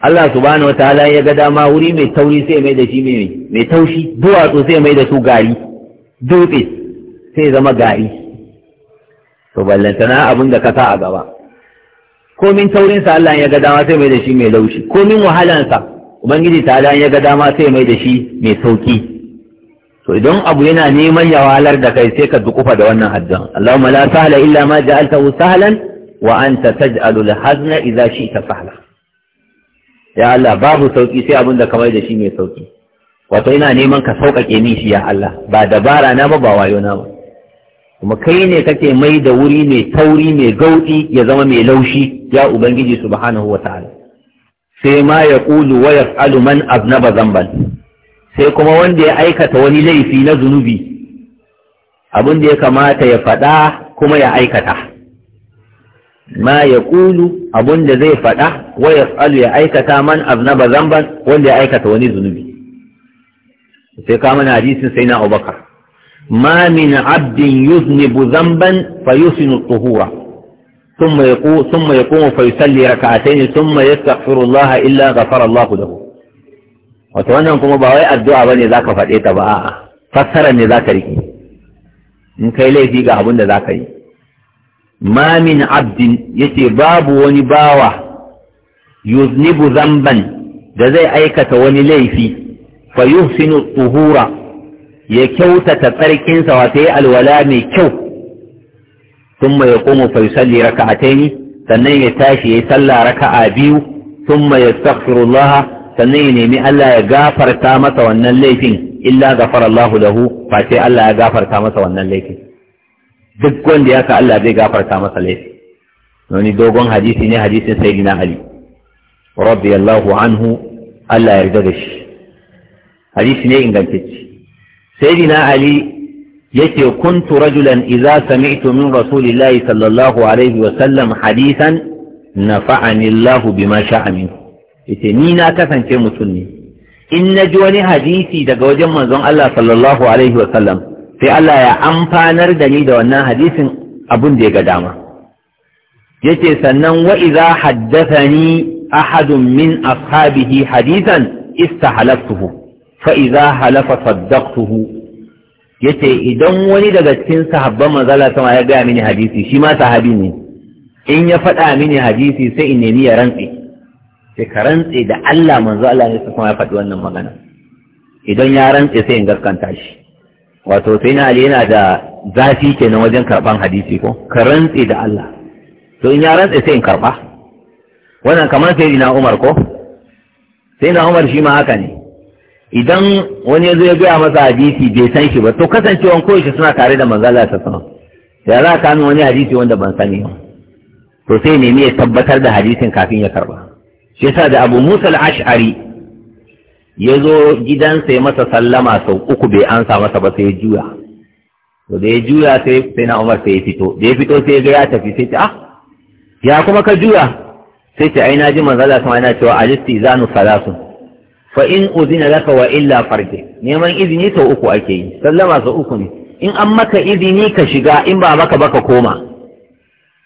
Allah subhanahu wataala ya ga dama wuri mai tauri sai mai da shi mai mai taushi duwatsu sai mai da su gari dutse sai zama gari to ballantana abin da ka sa a gaba komin taurinsa Allah ya ga dama sai mai da shi mai laushi komin wahalansa ubangiji ta Allah ya ga dama sai mai da shi mai sauki to idan abu yana neman ya wahalar da kai sai ka dukufa da wannan haddan Allahumma la sahla illa ma ja'altahu sahlan wa anta taj'alu al-hazna idza shi'ta sahla ya Allah babu sauki sai abin da ka mai da shi mai sauki wato ina neman ka sauƙaƙe min shi ya Allah ba dabara na ba ba wayo na ba kuma kai ne kake mai da wuri mai tauri mai gauɗi ya zama mai laushi ya ubangiji subhanahu wa ta'ala sai ma ya ƙulu wa yaf'alu man aznaba zamban sai kuma wanda ya aikata wani laifi na zunubi abin da ya kamata ya faɗa kuma ya aikata ma ya ƙulu abin da zai faɗa wa yaf'alu ya aikata man aznaba zamban wanda ya aikata wani zunubi sai kama na hadisin sai na abubakar ما من عبد يذنب ذنبا فيحسن الطهور ثم يقوم, ثم يقوم فيسلي ركعتين ثم يستغفر الله إلا غفر الله له وتوانا نقوم بهاي الدعاء بني ذاك فرئيت بآآ فسر أن ذاك ركي من كيلي فيك أبن ذاك ما من عبد يتباب ونباوة يذنب ذنبا جزي أيكة ونليفي فيحسن الطهور ya kyautata tsarkinsa wata yi alwala mai kyau sun mai ya komo faisalli taini, sannan ya tashi ya yi sallah a biyu sun mai ya stafirullah sannan ya nemi Allah ya gafarta masa wannan laifin illa gafara Allah lahu ba sai Allah ya gafarta masa wannan laifin duk wanda ya ka Allah zai gafarta masa laifin wani dogon hadisi ne hadisin gina Ali radiyallahu anhu Allah ya yarda da shi hadisi ne ingantacce sayyidina ali yake kuntu rajulan idza sami'tu min rasulillahi sallallahu alaihi wa sallam hadisan nafa'ani Allah bima sha'a ni na kasance mutum ne in naji wani hadisi daga wajen manzon Allah sallallahu alaihi wa sallam sai Allah ya amfanar da da wannan hadisin abun da ya ga dama yace sannan wa idza haddathani ahadun min ashabihi hadisan istahalaftuhu fa'iza halafa saddaqtuhu yace idan wani daga cikin sahabban manzala sama ya gaya mini hadisi shi ma sahabi ne in ya faɗa mini hadisi sai in nemi ya rantse sai ka rantse da Allah manzo Allah ne kuma ya faɗi wannan magana idan ya rantse sai in gaskanta shi wato sai na Ali yana da zafi kenan wajen karban hadisi ko ka rantse da Allah to in ya rantse sai in karba wannan kamar sai na Umar ko sai na Umar shi ma haka ne idan wani zai ya gaya masa hadisi bai san shi ba to kasancewan shi suna tare da Manzala ta sama. alaihi da za ka wani hadisi wanda ban sani ba to sai nemi ya tabbatar da hadisin kafin ya karba shi yasa da Abu Musa al-Ash'ari ya zo gidan sai masa sallama sau uku bai ansa masa ba sai ya juya to da ya juya sai sai na Umar sai ya fito da ya fito sai ya ga ya tafi sai ta ah ya kuma ka juya sai ta ai na ji manzala sama yana cewa alisti zanu salasun fa in uzina laka wa illa farje neman izini sau uku ake yi sallama sau uku ne in an maka izini ka shiga in ba maka baka koma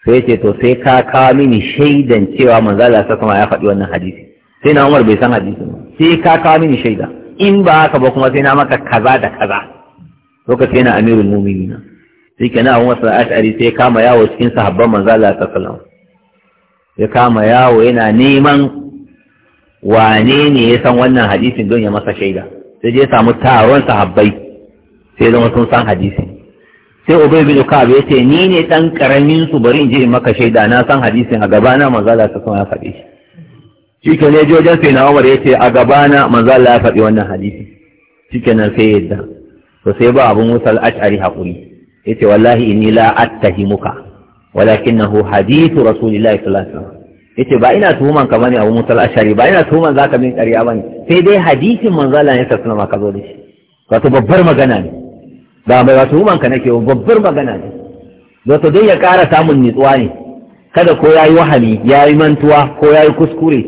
sai ce to sai ka kawo mini shaidan cewa manzala sai kuma ya faɗi wannan hadisi sai na Umar bai san hadisi ba sai ka kawo mini shaida in ba haka ba kuma sai na maka kaza da kaza lokaci yana amirul mu'minina sai kana Umar sallallahu alaihi sai kama yawo cikin sahabban manzala Allah sallallahu ya kama yawo yana neman wane ne ya san wannan hadisin don ya masa shaida sai je samu taron sahabbai sai zama sun san hadisin sai ubay bin ka'ab ya ce ni ne dan karamin su bari in je in maka shaida na san hadisin a gabana manzo Allah ta ya faɗi shi shikenan ya je wajen sai na Umar ya ce a gabana manzo Allah ya faɗi wannan hadisin shikenan sai yadda to sai ba abun musal ash'ari hakuri yace wallahi inni la attahimuka walakinahu hadithu rasulillahi sallallahu alaihi wasallam yace ba ina tuhuman ka bane Abu musal ashari ba ina tuhuman zaka min ƙarya bane sai dai hadisin manzo Allah ya wasallam ka zo da shi wato babbar magana ne ba mai wato tuhuman ka nake babbar magana ne wato dai ya ƙara samun nitsuwa ne kada ko yayi wahami yayi mantuwa ko yayi kuskure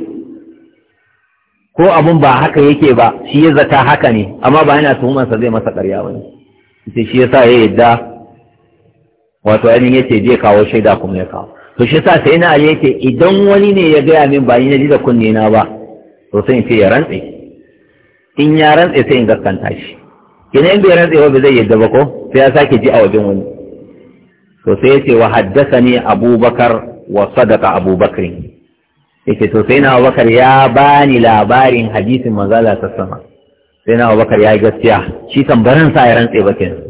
ko abun ba haka yake ba shi ya zata haka ne amma ba ina tuhuman sa zai masa ƙarya bane sai shi yasa ya yadda wato ainihin yace je kawo shaida kuma ya kawo to shi sa sai na ali yake idan wani ne ya gaya min ba ni na ji da kunne na ba to sai in ce ya rantse in ya rantse sai in gaskanta shi kina in bai rantse ba zai yadda ba ko sai ya sake ji a wajen wani to sai yace wa haddathani abubakar wa sadaqa abubakar Yake to sai na abubakar ya bani labarin hadisin manzo ta sama. sai na abubakar ya gaskiya shi kan sa ya rantse ba kenan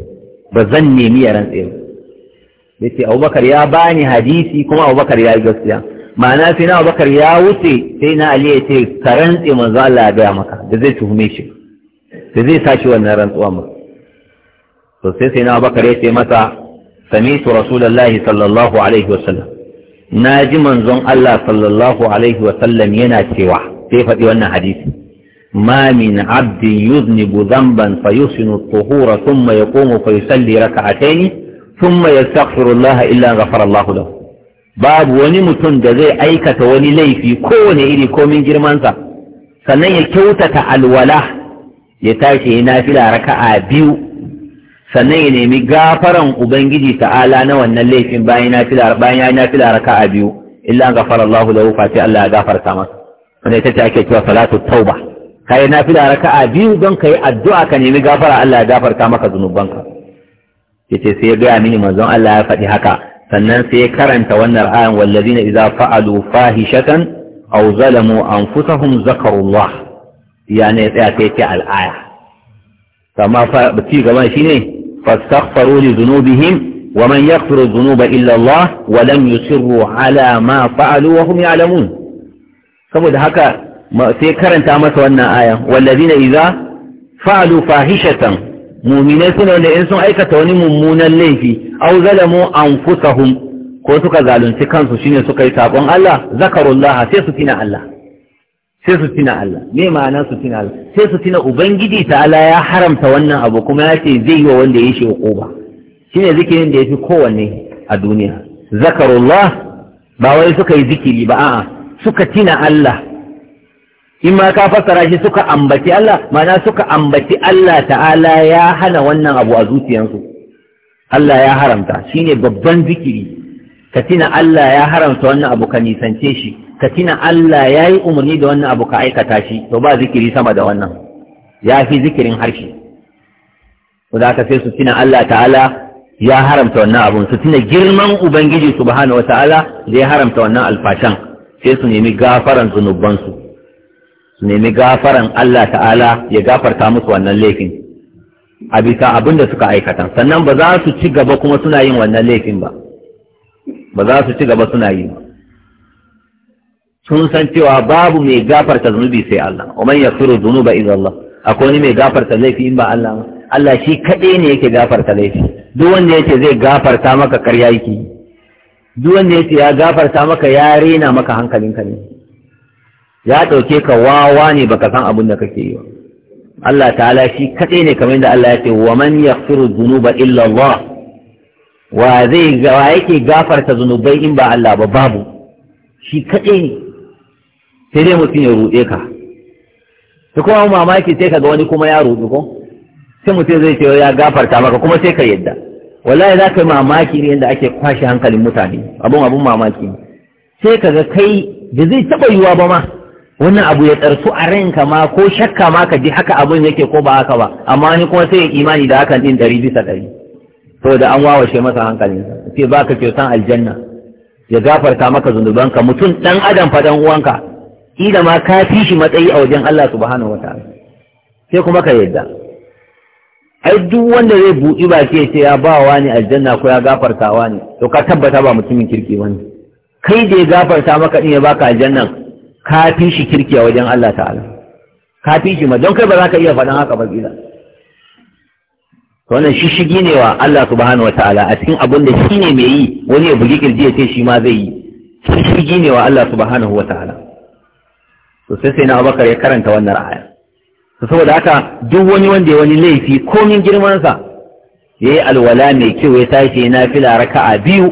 ba zan nemi ya rantse ba yace Abubakar ya bani hadisi kuma Abubakar ya yi gaskiya ma'ana sai na Abubakar ya wuce sai na Ali ya ce ka rantse manzo Allah ya gaya maka da zai tuhume shi da zai tashi wannan rantsuwa mu to sai sai na Abubakar ya ce masa sami'tu rasulullahi sallallahu alaihi wasallam na ji manzon Allah sallallahu alaihi wa sallam yana cewa sai faɗi wannan hadisi ما من عبد يذنب ذنبا فيحسن الطهور ثم يقوم فيصلي ركعتين thumma yastaghfirullah illa ghafara Allah lahu babu wani mutum da zai aikata wani laifi kowane iri komin girmansa sannan ya kyautata alwala ya tashi ya nafila raka'a biyu sannan ya nemi gafaran ubangiji ta'ala na wannan laifin bayan nafila bayan ya nafila raka'a biyu illa ghafara Allah lahu fa sai Allah ya gafarta masa wanda ita ce ake cewa salatu tauba kai nafila raka'a biyu don yi addu'a ka nemi gafara Allah ya gafarta maka zunubanka yace sai ya gaya mini manzon Allah ya faɗi haka sannan sai ya karanta wannan ayan wallazina idza fa'alu fahishatan aw zalamu anfusahum zakarullah yani ya tsaya sai ce al'aya kama fa ci gaban shine fastaghfiru li dhunubihim ومن يغفر الذنوب إلا الله ولم يصروا على ما wa وهم saboda haka sai karanta masa wannan aya wallazina idza fa'alu fahishatan muminai suna da in sun aikata wani mummunan laifi au zalamu anfusahum ko suka zalunci kansu shine suka yi sabon Allah zakarullah sai su tina Allah sai su tina Allah me ma'ana su tina Allah sai su tina ubangiji ta'ala ya haramta wannan abu kuma ya ce zai yi wa wanda ya shi uquba shine zikirin da yafi kowanne a duniya zakarullah ba wai suka yi zikiri ba a'a suka tina Allah in ma ka fassara shi suka ambaci Allah ma'ana suka ambaci Allah ta'ala ya hana wannan abu a zuciyansu Allah ya haramta Shi ne babban zikiri ka tina Allah ya haramta wannan abu ka nisance shi ka tina Allah ya yi umarni da wannan abu ka aikata shi to ba zikiri sama da wannan ya fi zikirin harshe ko da aka sai su tina Allah ta'ala ya haramta wannan abun su tuna girman ubangiji subhanahu wataala da ya haramta wannan alfashan sai su nemi gafaran zunubansu nemi gafaran Allah ta'ala ya gafarta musu wannan laifin a bisa abin da suka aikata sannan ba za su ci gaba kuma suna yin wannan laifin ba ba za su ci gaba suna yi ba sun san cewa babu mai gafarta zunubi sai Allah wa ya yaghfiru dhunuba illa Allah akwai wani mai gafarta laifi in ba Allah ba Allah shi kaɗai ne yake gafarta laifi duk wanda yake zai gafarta maka karya yake duk wanda yake ya gafarta maka ya rena maka hankalinka ne ya ɗauke ka wawa ne baka san abin da kake yi Allah ta'ala shi kaɗai ne kamar yadda Allah ya ce wa man yaghfiru dhunuba illa Allah wa zai wa yake gafarta zunubai in ba Allah ba babu shi kaɗai ne sai dai mutum ya ruɗe ka to kuma mamaki sai kaga wani kuma ya ruɗu ko sai mutum zai ce ya gafarta maka kuma sai ka yadda wallahi za ka yi mamaki ne yadda ake kwashe hankalin mutane abun abun mamaki ne sai kaga kai da zai taɓa yiwa ba ma wannan abu ya tsarsu a ranka ma ko shakka ma ka ji haka abin yake ko ba haka ba amma ni kuma sai ya imani da hakan din ɗari bisa ɗari saboda an wawashe masa hankalinsa sai ba ka kyautan aljanna ya gafarta maka zunubanka mutum ɗan adam fa ɗan uwanka ila ma ka fi shi matsayi a wajen Allah subhanahu wa ta'ala sai kuma ka yadda ai duk wanda zai buɗi ba ke ce ya ba wa ne aljanna ko ya gafarta wa ne to ka tabbata ba mutumin kirki wani kai da ya gafarta maka din ya baka aljannan ka fi shi kirki a wajen Allah ta'ala ka fi shi ma don kai ba za ka iya faɗin haka ba kila wannan shishigi ne wa Allah subhanahu wataala a cikin abin da shi ne mai yi wani ya bugi kirji ya ce shi ma zai yi shishigi ne wa Allah subhanahu wataala to sai sai na Abakar ya karanta wannan aya to saboda haka duk wani wanda ya wani laifi komin girman sa ya yi alwala mai kyau ya tashi na fila raka'a biyu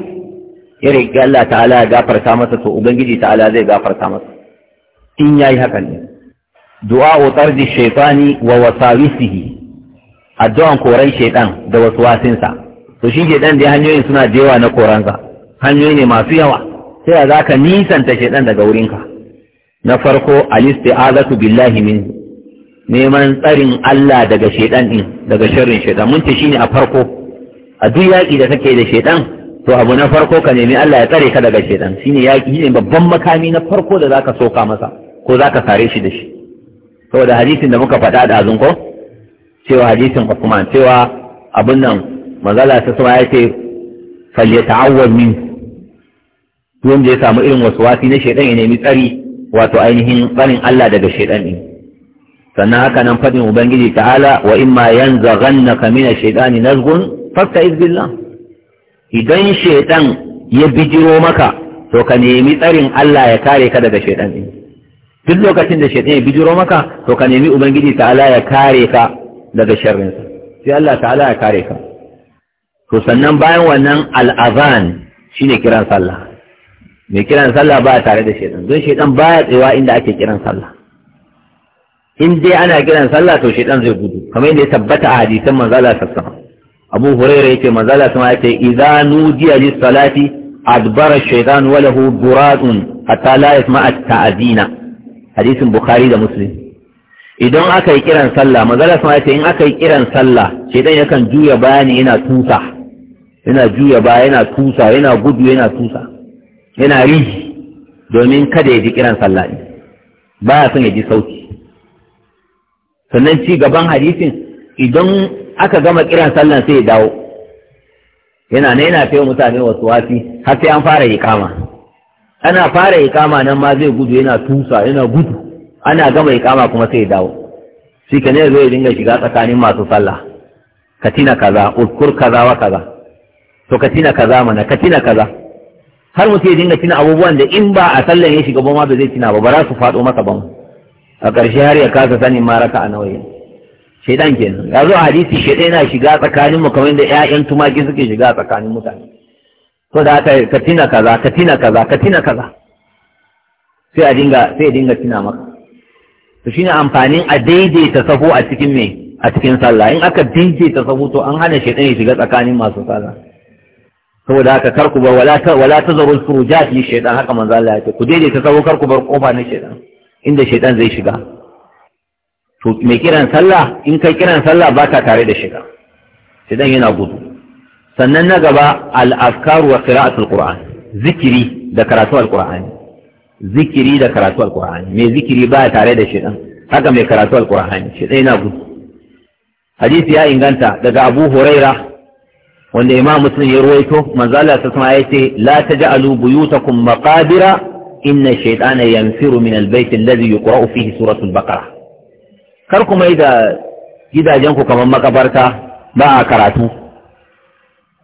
ya riga Allah ta'ala ya gafarta masa to ubangiji ta'ala zai gafarta masa in yayi haka ne du'a tardi shaytani wa wasawisihi addu'an koran shaytan da waswasinsa to shi shaytan da hanyoyin suna da yawa na koransa hanyoyi ne masu yawa sai a zaka nisanta shaytan daga wurinka na farko alisti'azatu billahi min neman tsarin Allah daga shaytan din daga sharrin shaytan mun ce shine a farko a duk yaki da kake da shaytan to abu na farko ka nemi Allah ya tsare ka daga shaitan shine yaki shine babban makami na farko da zaka soka masa ko za ka sare shi da shi saboda hadisin da muka faɗa da azunko cewa hadisin Usman cewa abin nan manzala ta sama ya ce ta'awar min wanda ya samu irin wasu wasi na shaidan ya nemi tsari wato ainihin tsarin Allah daga shaidan ne sannan haka nan faɗin ubangiji ta'ala wa imma yanzaghannaka min ash-shaytani nazghun fasta'iz billah idan shaidan ya bijiro maka to ka nemi tsarin Allah ya kare ka daga shaidan ne duk lokacin da shaitan ya bijiro maka to ka nemi ubangiji ta'ala ya kare ka daga sharrinsa sai Allah ta'ala ya kare ka to sannan bayan wannan al'azan shine kiran sallah mai kiran sallah ba tare da shaitan don shaitan baya tsewa inda ake kiran sallah in dai ana kiran sallah to shaitan zai gudu kamar yadda ya tabbata a hadisan manzala sassama abu huraira yake manzala sama yake idza nudiya lis salati adbara shaitan wa lahu duradun hatta la yasma'a ta'adina hadisin bukhari da muslim idan aka yi kiran sallah magana sama ya ce in aka yi kiran sallah dan yakan juya bayani ne yana tusa yana juya baya yana tusa yana gudu yana tusa yana rihi. domin kada ya ji kiran sallah ne ba ya son ya ji sauki sannan ci gaban hadisin idan aka gama kiran sallah sai ya dawo yana ne yana taimaka mutane wasu wasi har sai an fara yi ana fara ikama nan ma zai gudu yana tusa yana gudu ana gama ikama kuma sai ya dawo shi ka ne zai dinga shiga tsakanin masu sallah ka tina kaza uskur kaza wa kaza to ka tina kaza mana ka tina kaza har mutum ya dinga tina abubuwan da in ba a sallan ya shiga ba ma ba zai tina ba ba za su faɗo masa ba a ƙarshe har ya kasa sanin ma raka a nawayi shaidan kenan ya zo a hadisi shaidan yana shiga tsakanin mu kamar yadda ƴaƴan tumaki suke shiga tsakanin mutane so da aka ka tina kaza ka tina kaza ka tina kaza sai a dinga sai a dinga tina maka to shine amfanin a daidaita sahu a cikin me a cikin sallah in aka daidaita sahu to an hana shaytan ya shiga tsakanin masu sallah saboda haka kar ku bar wala ta wala tazarul furujat ni shaytan haka manzo Allah ya ce ku daidaita sahu ku bar kofa na shaytan inda shaytan zai shiga to me kiran sallah in kai kiran sallah baka tare da shiga shaytan yana gudu sannan na gaba al'afkar wa wa qira'atul qur'an zikiri da karatu al-qur'ani zikiri da karatu al-qur'ani mai zikiri ba tare da shedan haka mai karatu al-qur'ani shedan yana gudu hadisi ya inganta daga Abu Huraira wanda Imam Muslim ya ruwaito manzo Manzala ta sama ce, la taj'alu buyutakum maqabira inna ya yanfiru min albaitin, bayt ya yuqra'u fihi suratul baqara kar kuma yi da gidajen ku kamar makabarta ba a karatu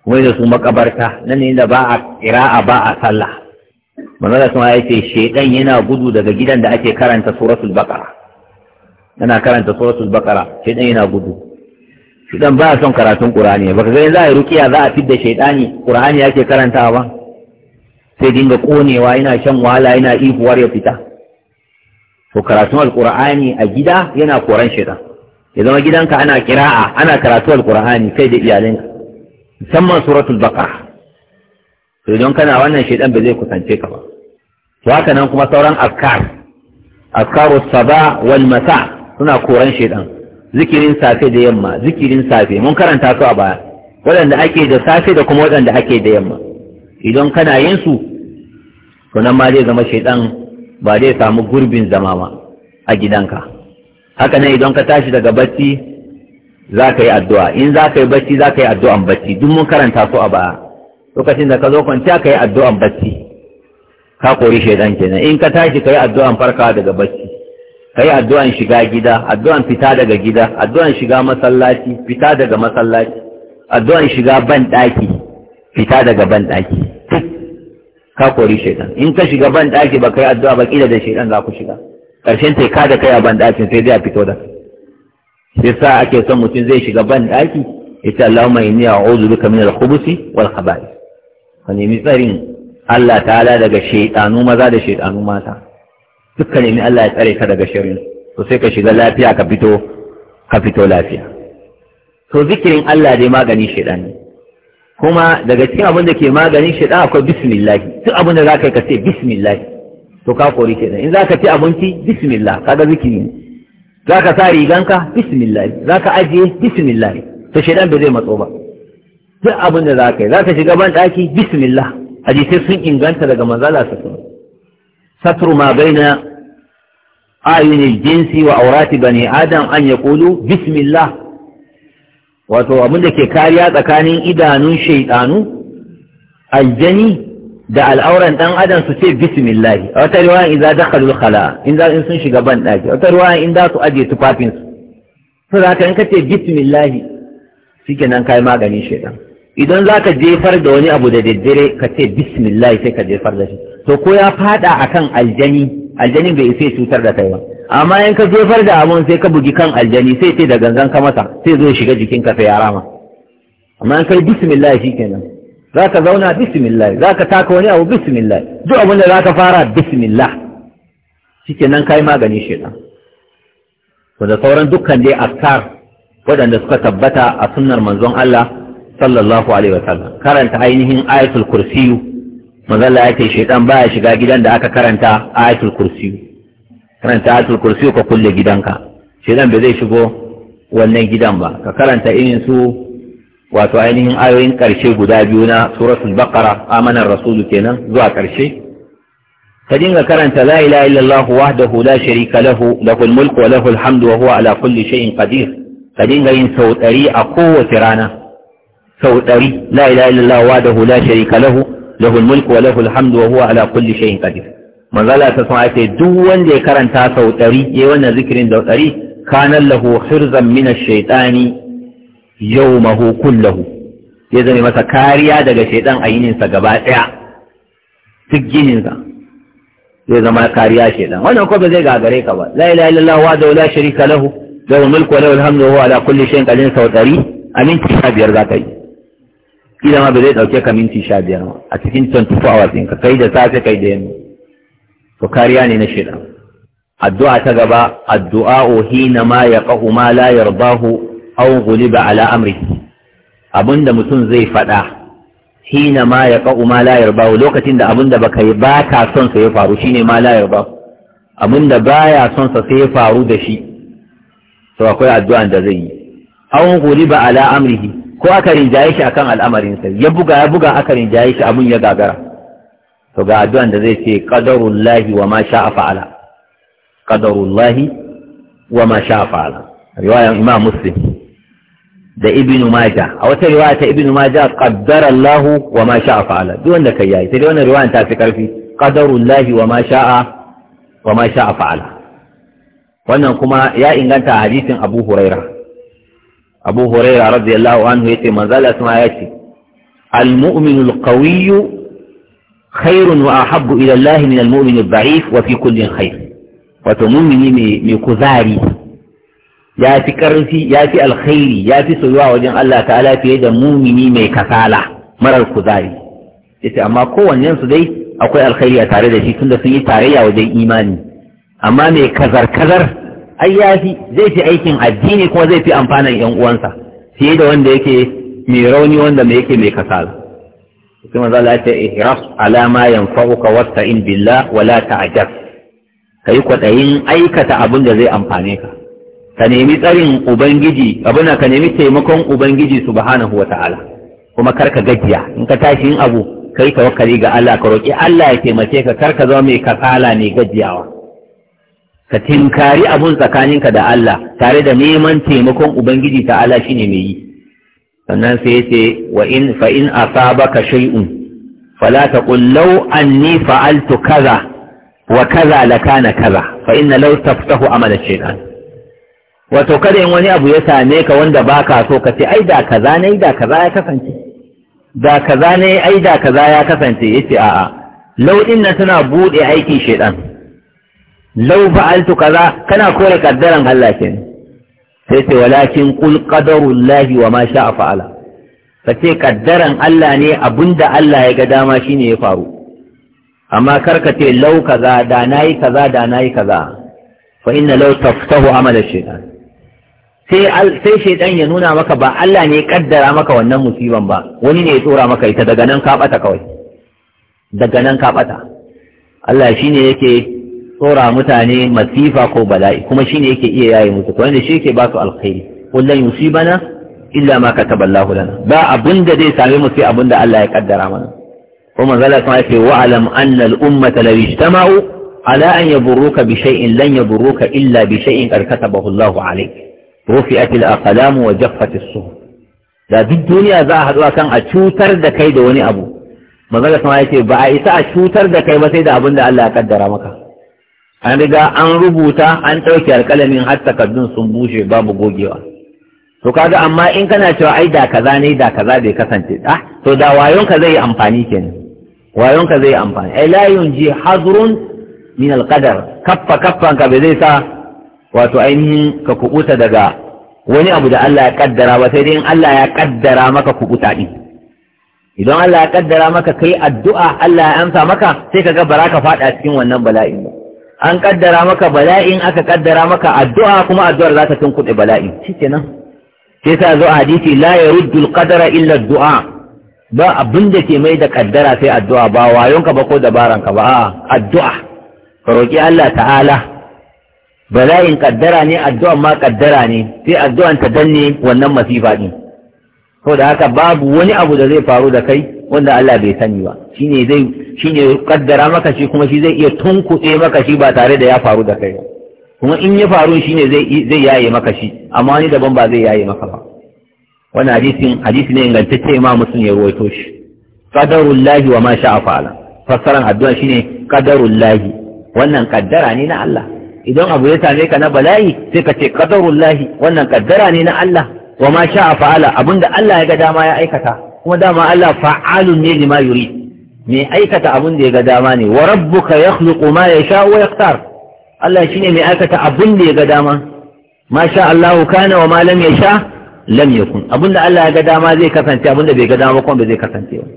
mai da su makabarta nan ne da ba a ƙira'a ba a sallah manzala sun ya ce shaidan yana gudu daga gidan da ake karanta suratul baqara yana karanta suratul baqara shaidan yana gudu shaidan ba son karatun qur'ani ba ka gani za a yi rukiya za a fidda shaidani qur'ani ake karantawa ba sai dinga konewa yana shan wahala yana ihuwar ya fita to karatun alqur'ani a gida yana koran shaidan ya zama gidanka ana kira'a ana karatu alqur'ani kai da iyalinka musamman suratul baka, to idan kana wannan shaidan ba zai kusance ka ba to haka nan kuma sauran askar askaru saba wal masa suna koran shaidan zikirin safe da yamma zikirin safe mun karanta su a baya waɗanda ake da safe da kuma waɗanda ake da yamma idan kana yin su to nan ma zai zama shaidan ba zai samu gurbin zama ba a gidanka haka nan idan ka tashi daga bacci za ka yi addu'a in za ka yi bacci za ka yi addu'an bacci duk mun karanta su a baya lokacin da ka zo kwanciya ka yi addu'an bacci ka kori shaidan kenan in ka tashi ka yi addu'an farka daga bacci ka yi addu'an shiga gida addu'an fita daga gida addu'an shiga masallaci fita daga masallaci addu'an shiga ban ɗaki fita daga ban ɗaki ka kori shaidan in ka shiga ban ɗaki ba ka yi addu'a ba kila da shaidan za ku shiga ƙarshen ta ka da kai a ban ɗakin sai dai a fito da kai sai sa ake son mutum zai shiga ban daki ita Allahumma inni a'udhu bika min al-khubuthi wal khaba'ith ka nemi tsarin Allah ta'ala daga shaidanu maza da shaidanu mata dukkan nemi Allah ya tsare ka daga shirin to sai ka shiga lafiya ka fito ka fito lafiya to zikirin Allah dai magani shaidan ne kuma daga cikin abin da ke maganin shaidan akwai bismillah duk abin da zaka yi ka ce bismillah to ka kori shaidan in zaka ci abinci bismillah kaga zikiri ne za ka sa riganka bismillah za ka ajiye bismillah ta shaidan zai matso ba duk abin da za ka yi za ka shiga ban ɗaki bismillah hadisai sun inganta daga manzala su sun satru ma baina ayunin jinsi wa aurati bani adam an ya kulu wato abin da ke kariya tsakanin idanun shaidanu aljani da al'auran dan adam su ce bismillah a wata riwaya idza al khala in za in sun shiga ban daki wata riwaya in za su aje tufafin su to zaka in kace bismillah shikenan kai maganin shedan idan zaka jefar da wani abu da daddare ka ce bismillah sai ka jefar da shi to ko ya fada akan aljani aljani bai sai cutar da kai ba amma in ka jefar da abun sai ka bugi kan aljani sai sai da gangan ka masa sai zo shiga jikin ka sai ya rama amma in kai bismillah shikenan za ka zauna bismillah za ka taka wani abu bismillah duk abin da za ka fara bismillah shike nan kai magani shaitan to sauran dukkan dai askar waɗanda suka tabbata a sunnar manzon Allah sallallahu alaihi wa sallam karanta ainihin ayatul kursiyu manzon Allah ya ce shaitan baya shiga gidan da aka karanta ayatul kursiyu karanta ayatul kursiyu ka kulle gidanka shaitan bai zai shigo wannan gidan ba ka karanta irin su wato ainihin ayoyin ƙarshe guda biyu na suratul baqara amanar rasulu kenan zuwa ƙarshe ka dinga karanta la ilaha illallah wahdahu la sharika lahu lahul mulku wa lahul hamdu wa huwa ala kulli shay'in qadir ka dinga yin sau ɗari a kowace rana sau ɗari la ilaha illallah wahdahu la sharika lahu lahul mulku wa lahul hamdu wa huwa ala kulli shay'in qadir manzala ta sun ce duk wanda ya karanta sau ɗari yayi wannan zikirin da ɗari kanan lahu hirzan min ash-shaytani yau maho kullahu ya zame masa kariya daga shaidan a yininsa gaba ɗaya duk gininsa zai zama kariya shaidan wannan ko ba zai gagare ka ba la ilaha illallah wa da la sharika lahu lahu mulku wa lahu alhamdu wa ala kulli shay'in qadir sau dari aminci sha biyar za ka yi kila ma ba zai dauke ka minti sha biyar ma a cikin 24 hours ka, kai da safe kai da yamma to kariya ne na shaidan addu'a ta gaba addu'a hina ma yaqahu ma la yardahu aw ghuliba ala amri abinda mutum zai faɗa hina ma ya ƙa'u ma la yarba lokacin da abinda baka yi ba ka son sa ya faru shine ma la yarba abinda baya son sa sai ya faru da shi to akwai addu'an da zai yi aw ghuliba ala amrihi ko aka rinjaye shi akan al'amarin sa ya buga ya buga aka rinjaye shi abun ya gagara to ga addu'an da zai ce qadarullahi wa ma sha'a fa'ala qadarullahi wa ma sha'a fa'ala riwayan imam muslim da ibinu maja a wata riwaya ta ibinu maja qaddara Allah wa ma sha'a fa'ala duk wanda kai yayi sai dai wannan riwayan ta fi karfi qadarullahi wa ma sha'a wa ma sha'a fa'ala wannan kuma ya inganta hadisin Abu Huraira Abu Huraira radiyallahu anhu yace manzala sama yace al-mu'minu al-qawiyyu khairun wa ahabbu ila Allah min al-mu'min al-da'if wa fi khair wato mu'mini mai kuzari ya fi ƙarfi ya fi alkhairi ya fi soyuwa wajen Allah ta'ala fiye da mumini mai kasala marar kuzari yace amma kowannen su dai akwai alkhairi a tare da shi tunda sun yi tarayya wajen imani amma mai kazar kazar ai ya fi zai fi aikin addini kuma zai fi amfanan yan uwansa fiye da wanda yake mai rauni wanda mai yake mai kasala sai manzo Allah ya ce ihras ala ma yanfa'uka wasta'in billah wala ta'jab kai kwadayin aikata abin da zai amfane ka ka nemi tsarin ubangiji abuna ka nemi taimakon ubangiji subhanahu ta'ala kuma kar ka gajiya in ka tashi yin abu kai tawakkali ga Allah ka roki Allah ya taimake ka kar ka zama mai kasala mai gajiyawa ka tinkari abun tsakaninka da Allah tare da neman taimakon ubangiji ta Allah shine mai yi sannan sai ya ce wa in fa in asabaka shay'un fala taqul law anni fa'altu kaza wa kaza lakana kaza fa inna law taftahu amala shaytan wato kada in wani abu ya same ka wanda ba ka so ka ce ai da kaza ne da kaza ya kasance da kaza ne ai da kaza ya kasance yace a'a law nan tana bude aiki shedan law fa'altu kaza kana kore kaddaran Allah ke sai ce walakin qul qadarullahi wa ma sha'a fa'ala kace kaddaran Allah ne abinda Allah ya ga dama shine ya faru amma kar ka ce law kaza da nayi kaza da nayi kaza fa inna law taftahu amala shaytan sai sai shaidan ya nuna maka ba Allah ne ya kaddara maka wannan musiban ba wani ne ya tsora maka ita daga nan ka bata kawai daga nan ka bata Allah shine yake tsora mutane masifa ko bala'i kuma shine yake iya yaye musu wanda shi yake ba su alkhairi kullun yusibana illa ma kataballahu lana ba abinda zai same mu sai abinda Allah ya kaddara mana kuma zalla kuma ce wa alam anna al ummata law ijtama'u ala an yaburruka bi shay'in lan yaburruka illa bi shay'in qad katabahu Allahu alayk rufi'at al-aqlam wa jaffat as-suhuf da duk duniya za a haɗu akan a cutar da kai da wani abu manzon sama ce ba a isa a cutar da kai ba sai da abin da Allah ya kaddara maka an riga an rubuta an ɗauki alƙalamin har takardun sun bushe babu gogewa to kaga amma in kana cewa ai da kaza ne da kaza bai kasance ah to da wayonka zai yi amfani kenan wayonka zai yi amfani ai la yunji hazrun min alqadar kaffa kaffan ka bai zai sa wato ainihin ka kubuta daga wani abu da Allah ya kaddara ba sai dai in Allah ya kaddara maka kubuta din idan Allah ya kaddara maka kai addu'a Allah ya amsa maka sai ka ga bara ka fada cikin wannan bala'in an kaddara maka bala'in aka kaddara maka addu'a kuma addu'ar za ta tunkuɗe bala'in shikenan sai sa zo hadisi la yaruddu al-qadara illa ad-du'a ba abinda ke mai da kaddara sai addu'a ba wayonka ba ko dabaranka ba addu'a ka roki Allah ta'ala bala'in kaddara ne addu'an ma kaddara ne sai addu'an ta danne wannan masifa din da haka babu wani abu da zai faru da kai wanda Allah bai sani ba shine zai shine kaddara maka shi kuma shi zai iya tunkuɗe maka shi ba tare da ya faru da kai kuma in ya faru shine zai zai yaye maka shi amma wani daban ba zai yaye maka ba wannan hadisin hadisi ne ingantacce imam muslim ya rawaito shi qadarullahi wa ma sha'a fa'ala fassaran addu'a shine qadarullahi wannan kaddara ne na Allah idan abu ya same ka na bala'i sai ka ce qadarullahi wannan kaddara ne na Allah wa ma sha'a fa'ala abinda Allah ya ga dama ya aikata kuma dama Allah fa'alun ne lima yuri mai aikata abin da ya ga dama ne wa rabbuka yakhluqu ma yasha wa yaktar Allah shine mai aikata abin da ya ga dama ma sha Allahu kana wa ma lam yasha lam yakun abin da Allah ya ga dama zai kasance abinda bai ga dama kuma bai zai kasance ba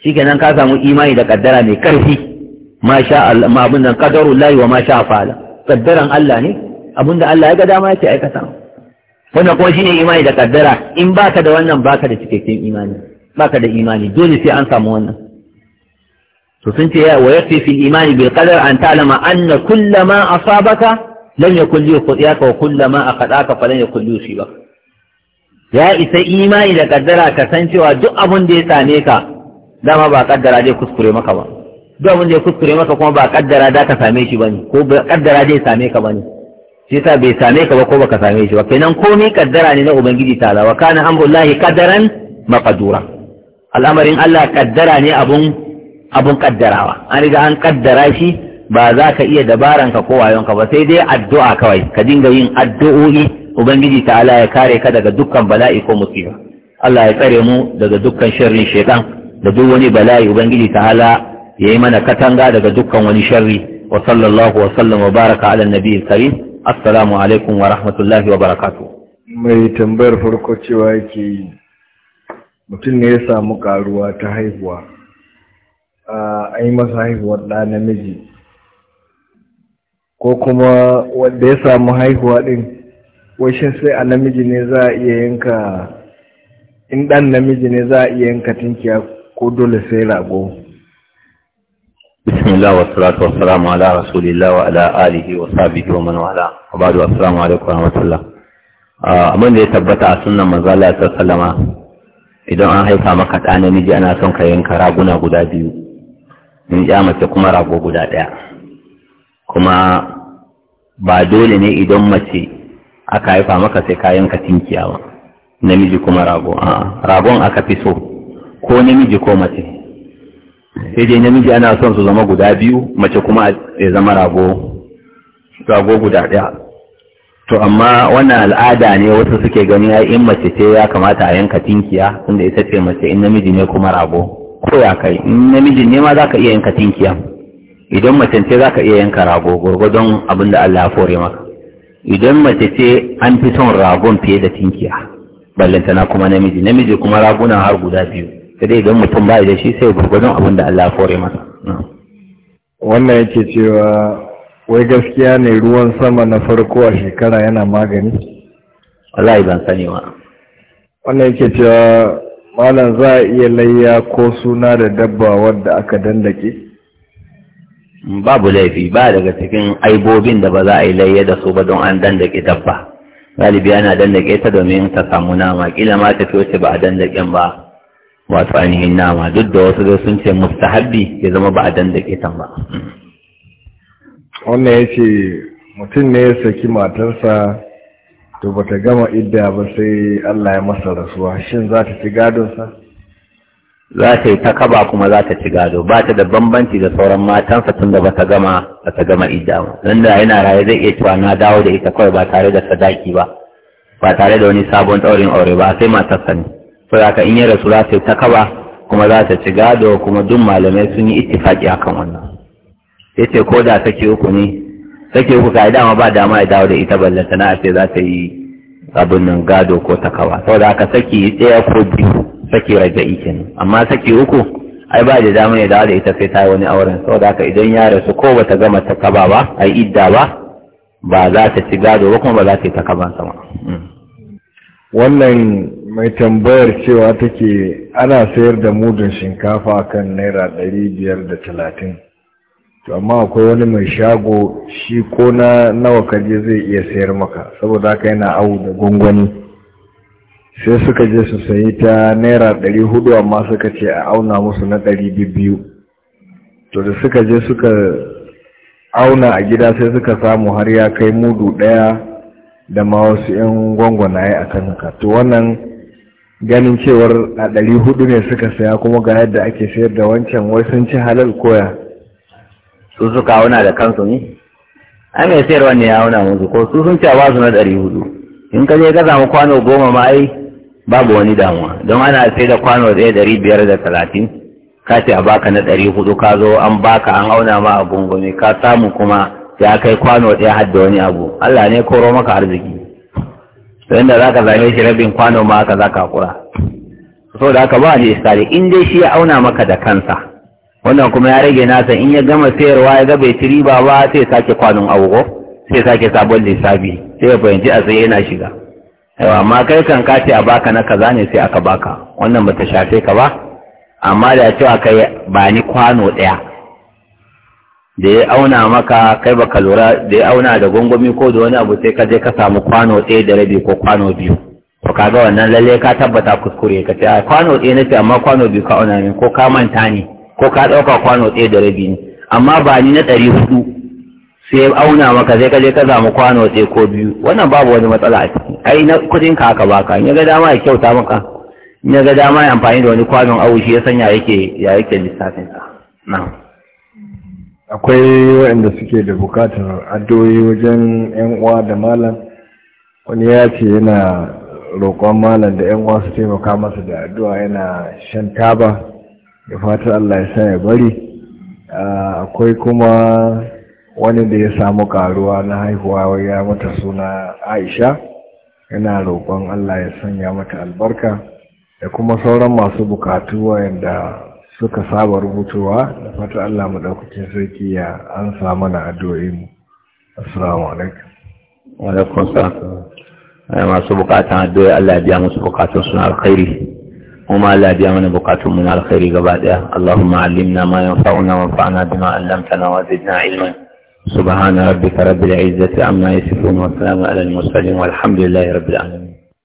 shikenan ka samu imani da kaddara mai karfi ma sha Allah ma abin nan qadarullahi wa ma sha fa'ala kaddaran Allah ne abinda Allah ya ga dama yake aikata wannan kuma shine imani da kaddara in baka da wannan baka da cikakken imani baka da imani dole sai an samu wannan to sun ce wa yafi fi imani bil qadar an ta'lama anna kullama asabaka lam yakun li khudiyaka wa kullama aqadaka falan yakun li yusibaka ya isa imani da kaddara ka san cewa duk abin da ya same ka dama ba kaddara dai kuskure maka ba duk abin da ya kuskure maka kuma ba kaddara da ka same shi bane ko ba kaddara zai same ka bane shi yasa bai same ka ba ko baka same shi ba kenan komai kaddara ne na ubangiji ta'ala wa kana amrullahi qadaran maqdura al'amarin Allah kaddara ne abun abun kaddarawa an riga an kaddara shi ba za ka iya dabaran ka ko wayon ka ba sai dai addu'a kawai ka dinga yin addu'o'i ubangiji ta'ala ya kare ka daga dukkan bala'i ko musiba Allah ya tsare mu daga dukkan sharrin shaitan da duk wani bala'i ubangiji ta'ala ya yi mana katanga daga dukkan wani sharri wa sallallahu wa sallam wa baraka ala nabi karim assalamu alaikum wa rahmatullahi wa barakatu mai tambayar farko cewa yake yi mutum ne ya samu karuwa ta haihuwa a yi masa haihuwar ɗa namiji ko kuma wanda ya samu haihuwa ɗin washin sai a namiji ne za a iya yanka in ɗan namiji ne za a iya yanka tinkiya ko dole sai rago بسم الله ya tabbata a sunan manzala ta sallama idan an haifa maka ɗa namiji ana son ka yanka raguna guda biyu in ya mace kuma rago guda ɗaya kuma ba dole ne idan mace aka haifa maka sai ka yanka tinkiya namiji kuma rago a'a ragon aka fi so ko namiji ko mace sai dai namiji ana son su zama guda biyu mace kuma ya zama rago rago guda ɗaya to amma wannan al'ada ne wasu suke gani ai in mace ce ya kamata a yanka tinkiya inda ita ce mace in namiji ne kuma rago ko ya kai in namiji ne ma zaka iya yanka tinkiya idan mace ce zaka iya yanka rago gurgurdon abin da Allah ya fore maka idan mace ce an fi son ragon fiye da tinkiya ballantana kuma namiji namiji kuma raguna har guda biyu sai dai idan mutum ba da shi sai gurgurdun abin da Allah kore masa wannan yake cewa wai gaskiya ne ruwan sama na farko a shekara yana magani wallahi ban sani ba wannan yake cewa malam za a iya layya ko suna da dabba wadda aka dandake babu laifi ba daga cikin aibobin da ba za a yi layya da su ba don an dandake dabba galibi yana dandake ta domin ta samu nama kila ma ta ba a dandaken ba wato ainihin nama duk da wasu sun ce mustahabbi ya zama ba a dandake ta ba wannan ya ce mutum ne ya saki matarsa to ba ta gama idda ba sai Allah ya masa rasuwa shin za ta ci gadonsa za ta yi ta kaba kuma za ta ci gado ba ta da bambanci da sauran matansa tun da ta gama ta gama idda ba nan da yana raye zai iya cewa na dawo da ita kawai ba tare da sadaki ba ba tare da wani sabon ɗaurin aure ba sai matarsa ne saboda in ya rasu za ta yi ta kaba kuma za ta ci gado kuma duk malamai sun yi ittifaki akan wannan ya ce ko da sake uku ne sake uku ka yi dama ba dama ya dawo da ita sana a ce za ta yi abin nan gado ko ta kaba saboda haka saki ɗaya ko biyu saki raja'i kenan amma saki uku ai ba da dama ya dawo da ita sai ta yi wani auren saboda haka idan ya rasu ko ba ta gama ta kaba ba ai idda ba ba za ta ci gado ba kuma ba za ta yi ta kaba sama. wannan mai tambayar cewa take ana sayar da mudun shinkafa kan naira biyar da talatin, to amma akwai wani mai shago shi ko na nawa kaje zai iya sayar maka saboda haka yana awu da gwangwani. sai suka je su sayi ta naira hudu amma suka ce a auna musu na biyu, to da suka je suka auna a gida sai suka samu har ya kai mudu ɗaya da ma wasu 'yan gwangwanaye a kan haka to wannan ganin cewar a ɗari hudu ne suka saya kuma ga yadda ake sayar da wancan wai sun ci halal koya su suka auna da kansu ne a mai sayar wani ya hauna musu ko su sun ci a su na ɗari hudu in ka je ka samu kwano goma ma ai babu wani damuwa don ana sai da kwano ɗaya ɗari biyar da talatin ka ce a baka na ɗari hudu ka zo an baka an auna ma a gungume ka samu kuma ya kai kwano ɗaya hadda wani abu Allah ne koro maka arziki to inda za ka zame shi rabin kwano ma haka za ka kura so da haka ba ni istari. in dai shi ya auna maka da kansa wannan kuma ya rage nasa in ya gama sayarwa ya ga bai ci riba ba sai sake kwanon agogo sai sake sabon lissafi sai ya fahimci a tsaye yana shiga yawa amma kai kan ka ce a baka na kaza ne sai aka baka wannan bata shafe ka ba amma da cewa kai ba ni kwano ɗaya da ya auna maka kai baka lura da ya auna da gwangwami ko da wani abu sai ka je ka samu kwano ɗaya da rabi ko kwano biyu to kaga wannan lalle ka tabbata kuskure ka ce a kwano ɗaya ce amma kwano biyu ka auna ne, ko ka manta ne ko ka ɗauka kwano ɗaya da rabi ne amma ba ni na ɗari hudu sai auna maka sai ka je ka samu kwano ɗaya ko biyu wannan babu wani matsala a ciki ai na kuɗin ka aka baka in ya ga dama ya kyauta maka in ya ga dama ya amfani da wani kwanon awo ya sanya yake ya yake lissafin sa na'am akwai waɗanda suke da bukatar addu'o'i wajen 'yan uwa da malam wani ya ce yana roƙon malam da 'yan uwa su taimaka masa da addu'a yana shan taba da fatan Allah ya sa ya bari ah, akwai kuma wani da ya samu karuwa na haihuwa ya mata suna aisha yana roƙon Allah ya sanya mata albarka da kuma sauran masu bukatu wayanda suka saba rubutuwa da fata Allah maɗaukacin sarki ya an samu na addu'o'in assalamu alaikum wa alaikum assalam masu bukatan addu'o'i Allah ya biya musu bukatun suna alkhairi وما لا بيامنا بقاتهم من الخير قبادة اللهم علمنا ما ينفعنا وانفعنا بما علمتنا وزدنا علما سبحان ربك رب العزة عما يصفون وسلام على المرسلين والحمد لله رب العالمين